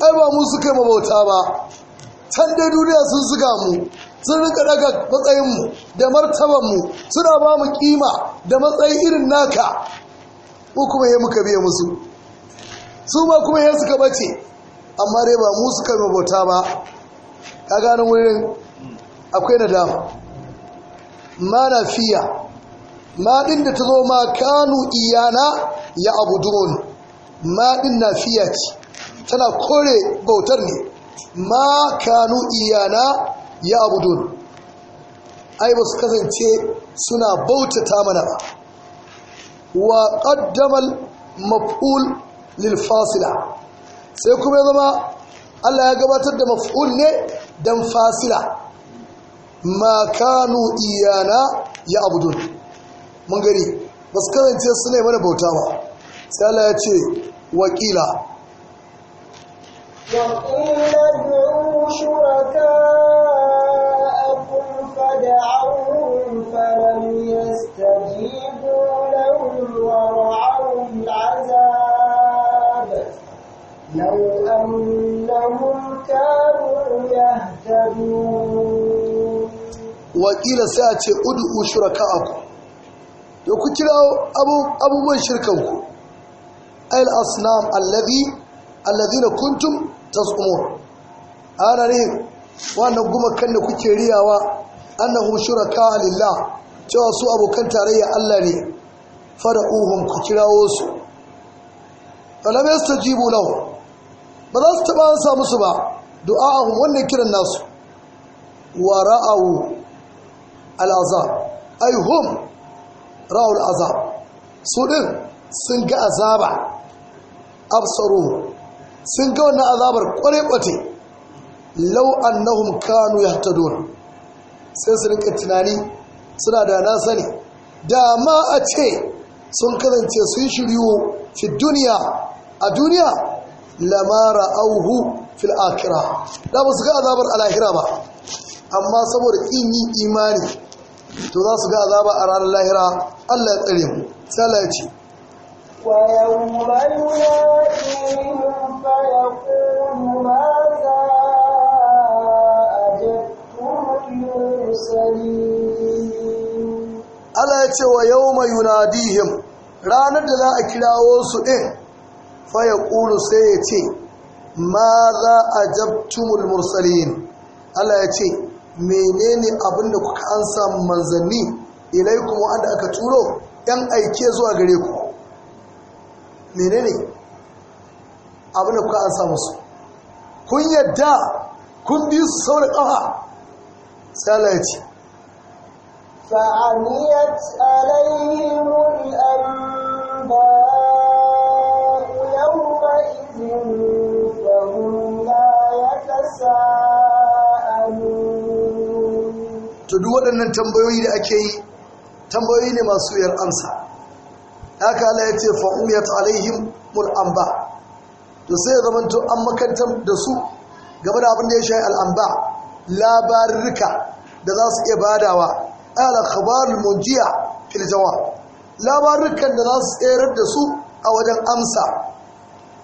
ai ba mu suka mabauta ba can duniya sun zuga mu sun rika daga matsayinmu da martabanmu suna ba mu kima da matsayin irin naka ko kuma ya muka biya musu su ma kuma ya suka bace amma dai ba mu suka bauta ba ka gane wurin akwai nadama ma na fiya ma ɗin da ta zo ma kanu iyana ya abu duron ma ɗin na fiya ce tana kore bautar ne ma kanu iyana ya abudun ai ba su kasance suna bautata mana ba wa ƙaddamal maf'ul lil fasila sai kuma ya zama Allah ya gabatar da maf'ul ne dan fasila ma kanu iyana ya abudun mun gari ba su kasance suna yi mana bautawa ba sai Allah ya ce wakila wakila sai a ce udu ushura ka'aku da ku kira abubuwan shirkanku al-asnam allabi alladhina kuntum tasqumun ana ne wannan gumakan da kuke riyawa annahum shuraka lillah cewa su abokan tarayya Allah ne fara'uhum ku kirawo su falam yastajibu lahu ba za su taba ansa musu ba du'a'ahum wannan kiran nasu wa ra'awu, al'azab ay hum ra'u su din sun ga azaba absaruhu sun ga wannan azabar kwarai kwate law annahum kanu yahtadun sai su rinka tunani suna da na sani da a ce sun kasance sun shiryu fi duniya a duniya lamara auhu fil akira da ba su ga azabar alahira ba amma saboda in yi imani to za su ga azaba a ranar lahira Allah ya tsare mu sai ya ce ويوم يناديهم فيقول ماذا أجبتم ranar da za a kirawo su ɗin faya ƙulu sai ya ce ma za a jabtumul mursalin Allah ya ce menene abinda kuka ansa manzanni kuma wanda aka turo ‘yan aike zuwa gare ku Mene ne abu da kuka an samu su kun yadda kun bi su sau da ƙafa sai Allah ya ce ba, alayhimul anba yawma idin ya hum la yatasaalu to duk waɗannan tambayoyi da ake yi tambayoyi ne masu yar ansa haka Allah ya ce fa'umiyat alaihim mul'amba to sai ya zamanto an makantar da su game da abin da ya shayi al'amba labarurruka da za su iya badawa ala khabarul munjiya fil jawab labarurrukan da za su tsayar da su a wajen amsa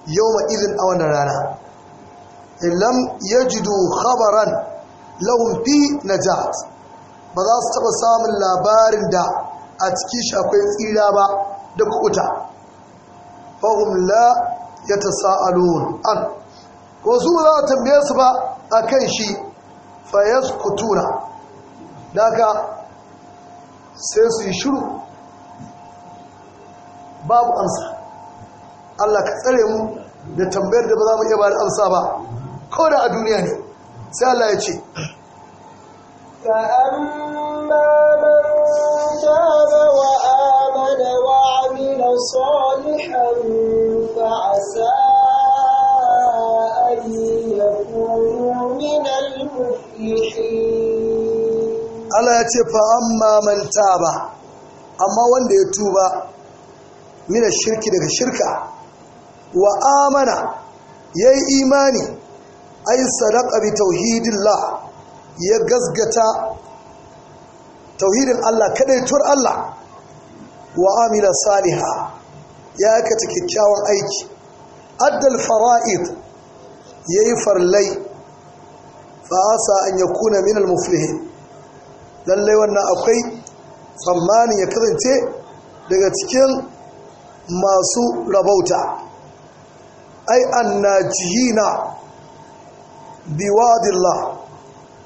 ma irin a wannan rana ya yajidu khabaran lahum fi najat ba za su taba samun labarin da a cikin shi akwai tsira ba da kukuta fahim la ya ta sa'alun an ko su za a tambaye su ba a kan shi fayas kutuna daga sai su yi shuru babu ansa Allah ka tsare mu da tambayar da ba za mu iya ba da amsa ba ko da a duniya ne sai Allah ya ce وعمل صالحا فعسى أن يكونوا من المفلحين Allah ya ce fa'amma manta ba, amma wanda ya tuba mina shirki daga shirka, wa amana ya yi imani, ai sadaka bi tauhidillah ya gazgata tauhidin Allah, kadaitar Allah. wa amila saliha ya aikata kyakkyawan aiki addal fara'id ya yi farlai fa'asa an ya kuna minal almuflihin lallai wannan akwai tsammanin ya kasance daga cikin masu rabauta ai jihina biwadillah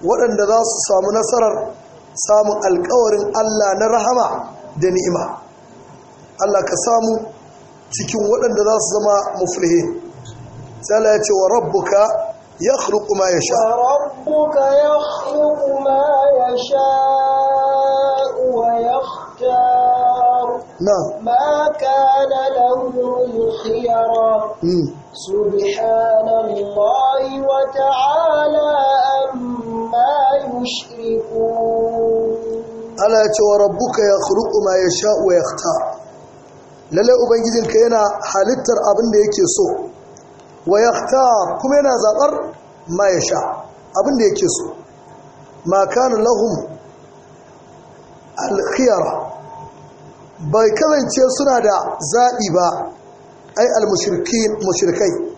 waɗanda za su samu nasarar samun alkawarin Allah na rahama da ni'ima Allah ka samu cikin waɗanda za su zama muflihin sai Allah يخلق ما يشاء وربك يخلق ما يشاء ويختار نعم ما كان له الخيار سبحان الله وتعالى أما يشركون ألا تو ربك يخلق ما يشاء ويختار lalle ubangijinka yana halittar abin da yake so wa ya kuma yana zaɓar ma sha. abin da yake so ma kana lahum alkhiyar bai kasance suna da zaɓi ba ai al mushirkai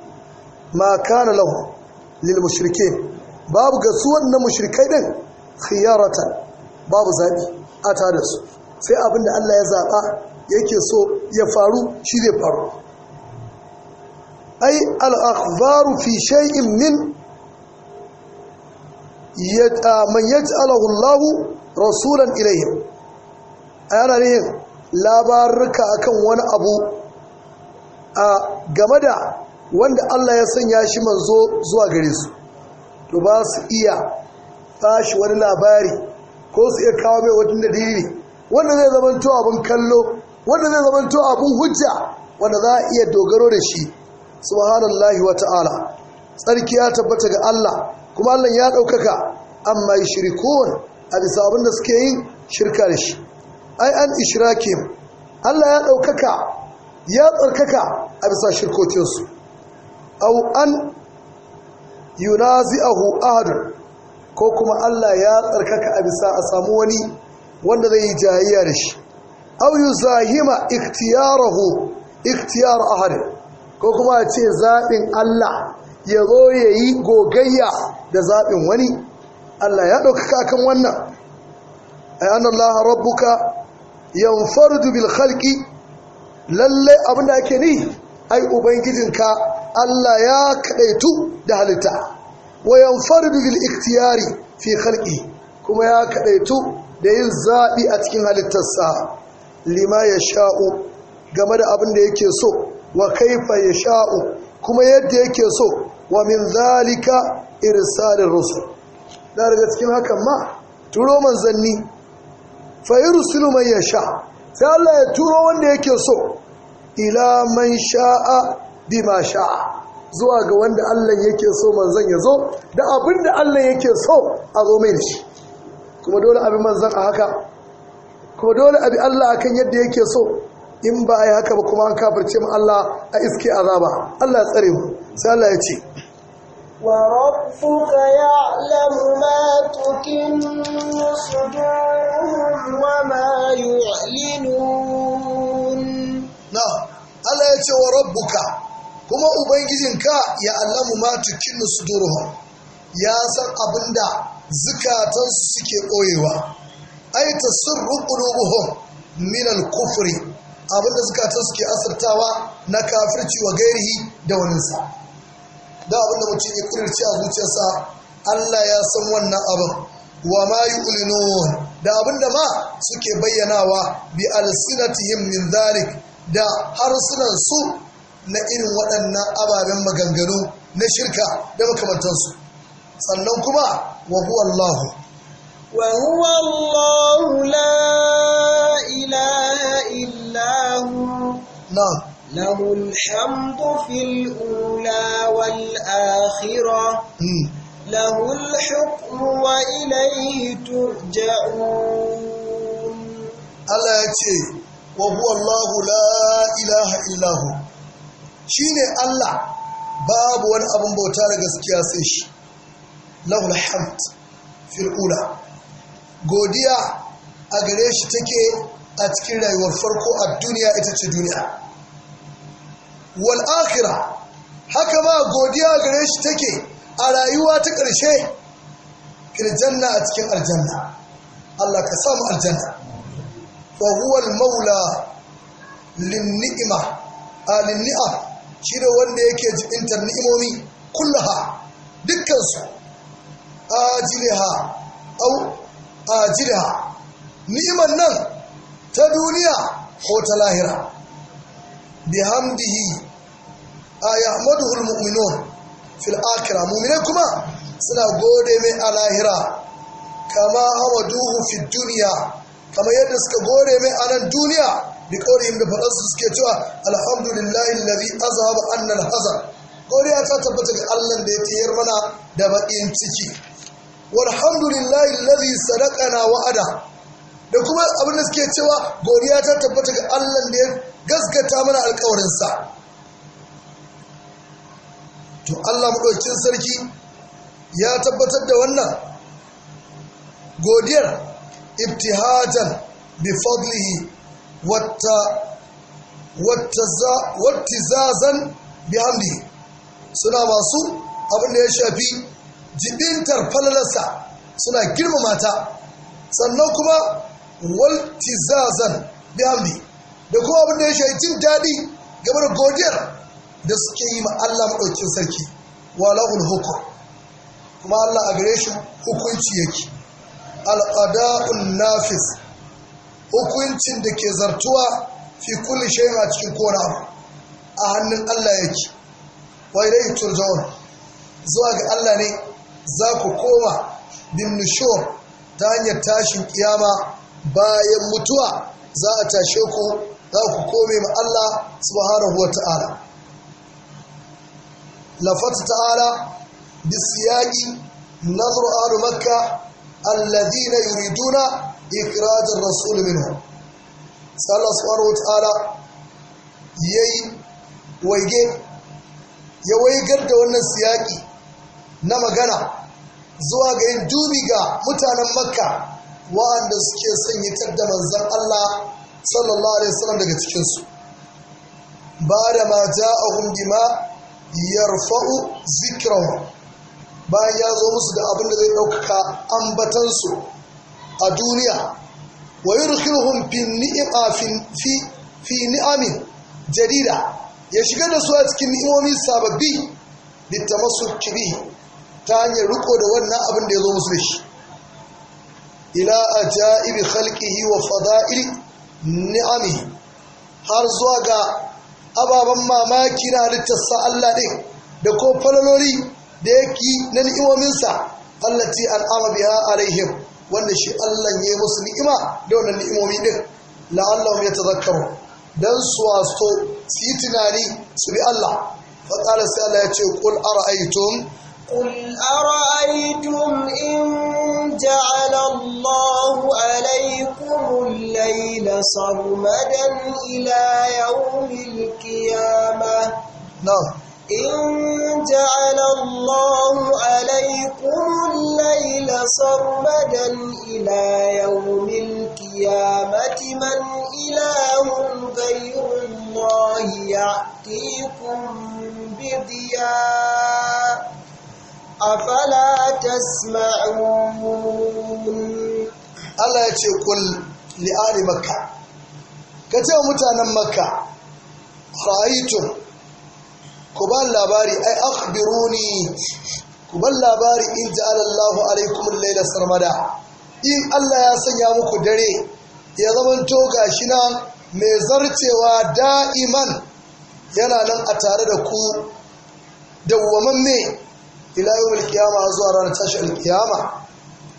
ma lahum lil babu ga suwan na ɗin ɗin khiyarata babu zaɓi a tare su sai abin da Allah ya zaɓa yake so ya faru shi zai faru ai al'akhbaru fi shay'in min man yaj'alahu Allahu rasulan ilayhim ayana ne labarurka akan wani abu a game da wanda Allah ya sanya shi manzo zuwa gare su to ba su iya tashi wani labari ko su iya kawo mai wata dalili wanda zai zama abin kallo wanda zai zamanto abun hujja wanda za a iya dogaro da shi subhanallahi wa ta'ala tsarki ya tabbata ga Allah kuma Allah ya ɗaukaka amma yushrikun a bisa abin da suke yin shirka da shi ai an ishrakim Allah ya ɗaukaka ya tsarkaka a bisa shirkokinsu au an yunazi'ahu ahadun ko kuma Allah ya tsarkaka a bisa a samu wani wanda zai yi jayayya da shi au zahima ikhtiyarahu ikhtiyar ahad ko kuma ce zaɓin Allah ya zo ya yi gogayya da zaɓin wani Allah ya ɗaukaka kan wannan ayan Allah rabbuka yanfardu bil khalqi lalle abinda ake ni ai ubangijinka Allah ya kaɗaitu da halitta wa yanfardu bil iktiyari fi khalqi kuma ya kaɗaitu da yin zaɓi a cikin halittarsa lima ya sha'u game da abin da yake so wa kaifa ya sha'u kuma yadda yake so wa min zalika irisalin rusu na daga cikin hakan ma turo manzanni fa yursilu ya sha sai Allah ya turo wanda yake so ila man sha'a bi ma sha'a zuwa ga wanda Allah yake so manzan ya zo da abin da Allah yake so a zo mai da shi kuma dole abin manzan a haka ko dole abi Allah akan yadda yake so in ba ya haka ba kuma an kafirce mu Allah a iske azaba Allah ya tsare mu sai Allah ya ce wa rabbuka ya'lamu ma tukinnu suduruhum wa ma yu'linun na Allah ya ce wa rabbuka kuma ubangijinka ya'lamu ma tukinnu suduruhum ya san abinda zukatansu suke koyewa ai tasirru qulubuhum min al kufuri, abin da suka suke asirtawa na kafirci wa gairihi da waninsa da abin da mutum ya a zuciyarsa Allah ya san wannan abin wa ma yu'linun da abin ma suke bayyanawa bi alsinatihim min zalik da harsunan su na irin waɗannan ababen maganganu na shirka da makamantansu sannan kuma wa huwa Allahu وهو الله لا إله إلا هو نعم له الحمد في الأولى والآخرة م. له الحكم وإليه ترجعون ألا يتي وهو الله لا إله إلا هو شيني الله باب وان أبن بوتانا قسكياسيش له الحمد في الأولى godiya a gare shi take a cikin rayuwar farko a duniya ita ce duniya wal haka ma godiya a gare shi take a rayuwa ta ƙarshe kirjanna a cikin aljanna Allah ka samu aljanna wa maula lin-ni'ma al shi ne wanda yake jibintar ni'imomi kullaha dukkan su ajiliha au ajirha niman nan ta duniya ko ta lahira bihamdihi a yahmaduhu almu'minun fil akhirah kuma suna gode mai a lahira kama hamaduhu fid duniya kama yadda suka gode mai a nan duniya bi qaulihim da faɗansu suke cewa alhamdulillahi allazi azhaba anna alhazan godiya ta tabbata ga Allah da ya tayar mana da baƙin ciki walhamdulillahi lazi na wa'ada da kuma abin da suke cewa godiya ta tabbata ga Allah da ya gaskata mana alƙawarinsa to Allah madaukakin sarki ya tabbatar da wannan godiyar ibtihajan bi fadlihi wata wattizazan bihamdi suna masu abin da ya shafi jibintar falalarsa suna girmama ta sannan kuma waltizazan hamdi da kuma abin da ya shayi jin daɗi game da godiyar da suke yi ma Allah maɗaukin sarki wala'ul hukum kuma Allah a gare shi hukunci yake al'ada'un nafis hukuncin da ke zartuwa fi kulli shayin a cikin kowane abu a hannun Allah yake wa ilaihi turja'un zuwa ga Allah ne za ku koma bin ta hanyar tashin kiyama bayan mutuwa za a tashe ku za ku kome ma Allah subhanahu wa ta'ala lafata ta'ala bisiyaki nazar ahlu makka alladhina yuriduna ikrajar rasul minhu sai subhanahu wa ta'ala yayi waige ya waigar da wannan siyaki na magana zuwa ga yin dubi ga mutanen makka wa'anda suke son yitar da manzan Allah sallallahu alaihi wasallam daga cikinsu ba da ma ja'ahum bima yarfa'u zikirawa bayan ya zo musu da abin da zai ɗaukaka ambatansu a duniya wa yurkhiruhum fi fi fi ni'amin ya shiga da su a cikin ni'imomi sababbi masu kiri ta hanyar riko da wannan abin da ya zo musu da shi ila ajaibi khalqihi wa fada'il ni'amihi har zuwa ga ababen mamaki na halittarsa Allah ɗin da ko falaloli da yake na ni'imominsa allati an'ama biha alaihim wanda shi Allah ya musu ni'ima da wannan ni'imomi ɗin la'allahum yatadhakkaru dan su wasto su yi tunani su bi Allah fa qala sai Allah ya ce qul ara'aytum قل أرأيتم إن جعل الله عليكم الليل صرمدا إلى يوم القيامة نعم. إن جعل الله عليكم الليل صرمدا إلى يوم القيامة من إله غير الله يأتيكم بضياء afala tasma'un Allah ya ce kul li'ali makka ka ce wa mutanen makka ra'aytum ku ban labari ai akhbiruni ku ban labari in ja'ala Allahu alaikum al-laila sarmada in Allah ya sanya muku dare ya zaman to gashi nan mai zarcewa da'iman yana nan a tare da ku dawwamamme ila yawmil a zuwa ranar tashi alqiyama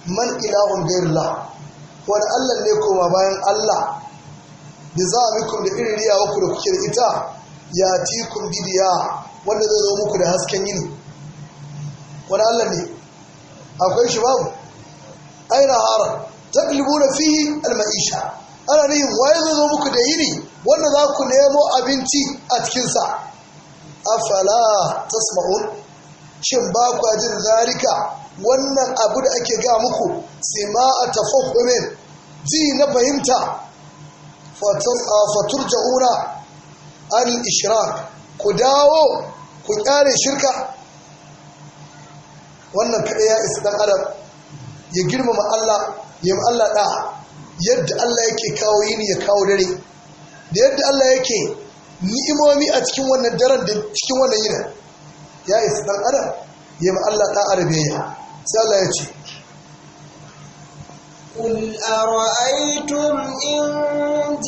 man ilahun ghayrullah wani Allah ne koma bayan Allah da za a mikum da irin riyawarku da kuke da ita ya kun bidiya wanda zai zo muku da hasken yini wani Allah ne akwai shi babu ai nahara na fi almaisha ana nihin waye zai zo muku da yini wanda za ku nemo abinci a cikinsa afala tasma'un shin ba kwa jin zarika wannan abu da ake ga muku sima a tafahumin ji na fahimta fatur ja'una an ishira ku dawo ku kyare shirka wannan kaɗai ya isa ɗan adam ya girmama Allah ya Allah ɗa yadda Allah yake kawo yini ya kawo dare da yadda Allah yake ni'imomi a cikin wannan daren da cikin wannan yinan. ya isa dan adam ya ma Allah ta arabiya sai Allah ya ce قل أرأيتم إن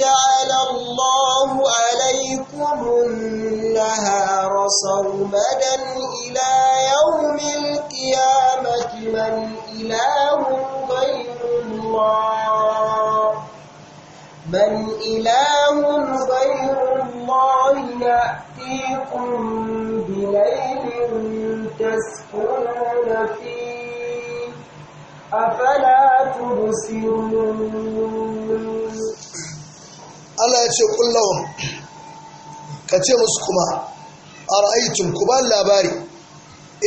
جعل الله عليكم النهار صومدا إلى يوم القيامة من إله غير الله من إله غير الله يأتي يسقيكم بليل تسكنون فيه أفلا تبصرون Allah ya ce kullawar ka ce musu kuma a ra'aitun ku ba labari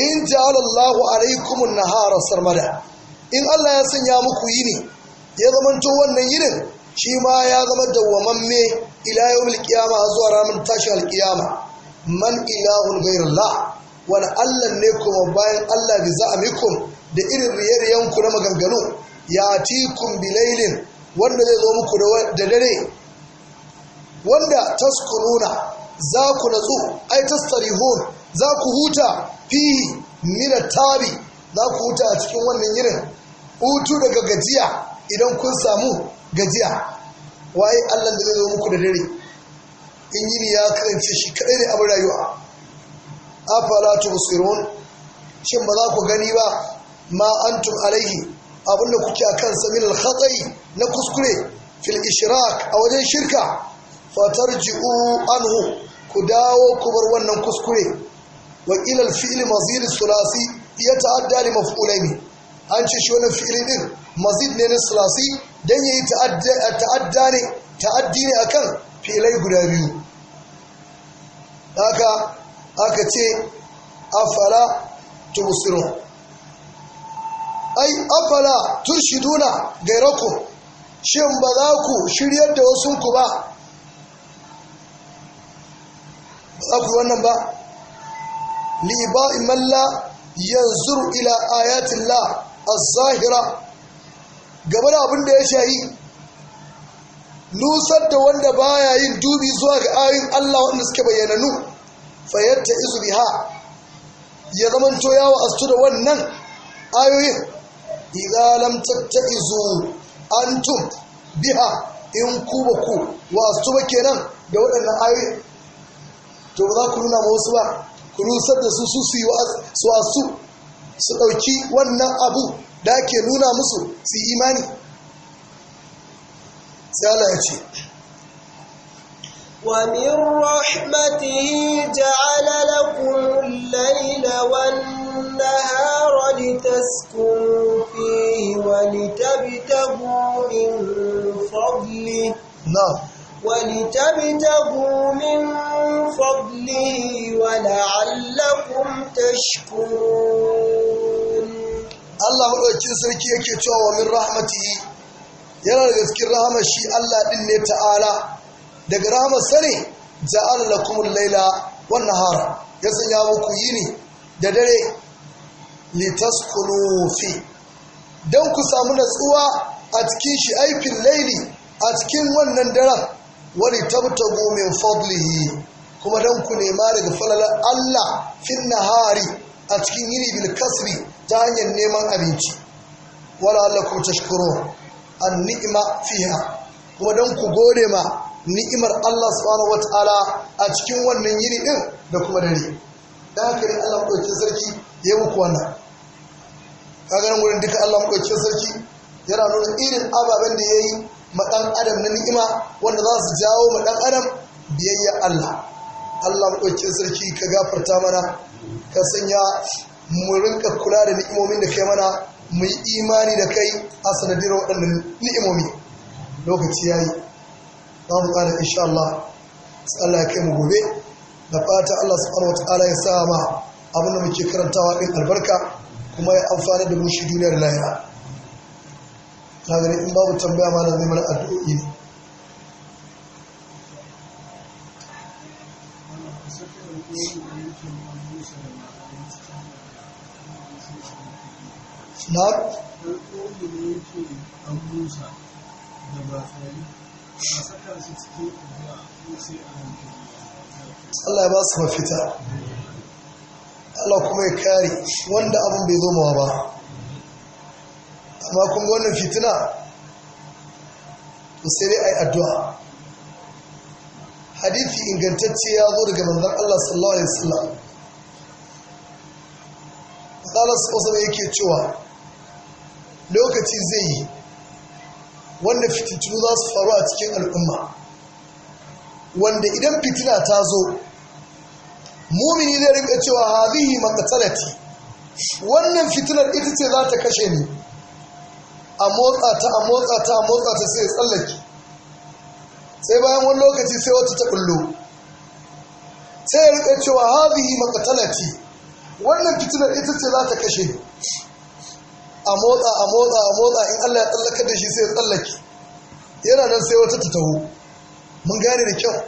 in Allah alaikumun harar sarmada in Allah ya sanya muku yi ne, ya zama zamanto wannan yinin shi ma ya zama dawwamamme ila ƙiyama a zuwa ramin tashin alkiyama man ilahun gairallah wani allah ne kuma bayan allah bi za'amikum da irin riyar yanku na maganganu ya tikun bilailin wanda zai zo muku da dare wanda taskununa za ku natsu ai tastarihun za ku huta fihi mina tabi za ku huta a cikin wannan yirin hutu daga gajiya idan kun samu gajiya waye allah da zai zo muku da dare in yini ya karance shi kadai ne abin rayuwa afala tubsirun shin ba za ku gani ba ma antum alaihi abin da kuke a samin al-khatai na kuskure fil ishrak a wajen shirka fatarji'u anhu ku dawo ku bar wannan kuskure wa ila al-fi'l mazid thulathi yata'adda li maf'ulaini an ce shi wannan fi'li din mazid ne na thulathi dan yayi ta'adda ta'adda ne ta'addi ne akan filai guda biyu haka aka ce afala tubsirun ai afala shiduna gairaku shin ba za ku shirya da wasu ku ba ba ku wannan ba liba'i malla yanzu ila la az-zahira gaba da abin da ya shayi nusar da wanda baya yin dubi zuwa ga ayin Allah wanda suke bayyananu fayatta izu biha ya zamanto yawa su da wannan ayoyin idza izu an tun biha in ku ba ku wa su ba kenan da waɗannan ayoyin to ba za ku nuna ma wasu ba ku nusar da su su su yi su su ɗauki wannan abu da ake nuna musu su imani سالتي ومن رحمته جعل لكم الليل والنهار لتسكنوا فيه ولتبتغوا من فضله نعم ولتبتغوا من فضله ولعلكم تشكرون الله أكبر سركي يكي توا رحمته yana da gaskin rahama shi Allah ɗin ne ta'ala daga rahama sani ja'ala lakumul laila wan nahara ya sanya muku yini da dare litaskunu fi dan ku samu natsuwa a cikin shi aifin laili a cikin wannan dara wani tabtago min fadlihi kuma dan ku nema daga falalar Allah fin nahari a cikin yini bil kasri ta hanyar neman abinci wala allakum tashkuro. an ni'ima fiha kuma don ku gode ma ni'imar Allah subhanahu wataala a cikin wannan yini din da kuma dare da haka ne Allah madaukakin sarki ya yi muku wannan Ka nan wurin duka Allah madaukakin sarki yana nuna irin ababen da ya yi ma ɗan adam na ni'ima wanda za su jawo ma ɗan adam biyayya Allah Allah madaukakin sarki ka gafarta mana ka sanya mu rinka kula da ni'imomin da kai mana mu yi imani da kai a sanadiyar waɗannan ni'imomi lokaci ya yi za mu ƙara insha Allah Allah ya kai mu gobe da fata Allah subhanahu wataala ya sa ma abin da muke karantawa ɗin albarka kuma ya amfana da mu shi duniyar lahira na gani in babu tambaya ma na zai mana addu'o'i na Allah ya ba su mafita Allah kuma ya kare wanda abin bai zo mawa ba amma kuma wannan fitina to sai dai yi addu'a hadithi ingantacce ya zo daga manzan Allah sallallahu alaihi wasallam Allah su alaihi wasallam yake cewa lokaci zai yi wanda fitilu za su faru a cikin al'umma wanda idan fitina ta zo mumini zai rika cewa hazihi maqtalati wannan fitinar ita ce za ta kashe ni a motsa ta a motsa ta a motsa ta sai tsallake sai bayan wani lokaci sai wata ta kullo sai ya rika cewa hazihi maqtalati wannan fitinar ita ce za ta kashe ni a motsa a motsa a motsa in Allah ya tsallaka da shi sai ya tsallake yana nan sai wata ta taho mun gane da kyau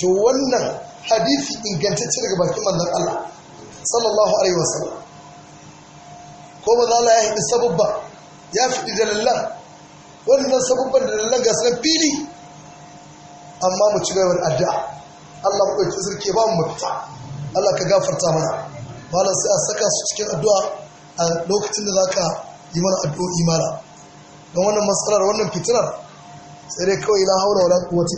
to wannan hadisi ingantacce daga bakin manzon Allah sallallahu alaihi wasallam ko manzon Allah ya hidi sababba ya fidi dalilan wannan sababban dalilan ga sanan fili amma mu ci gaba da addu'a Allah ku ɗauki sarki ba mu mafita Allah ka gafarta mana malam sai a saka su cikin addu'a a lokacin da za ka yi mana addu'o'i mala don wannan matsalar wannan fitinar sai dai kawai la haura wala quwwata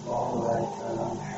illa billah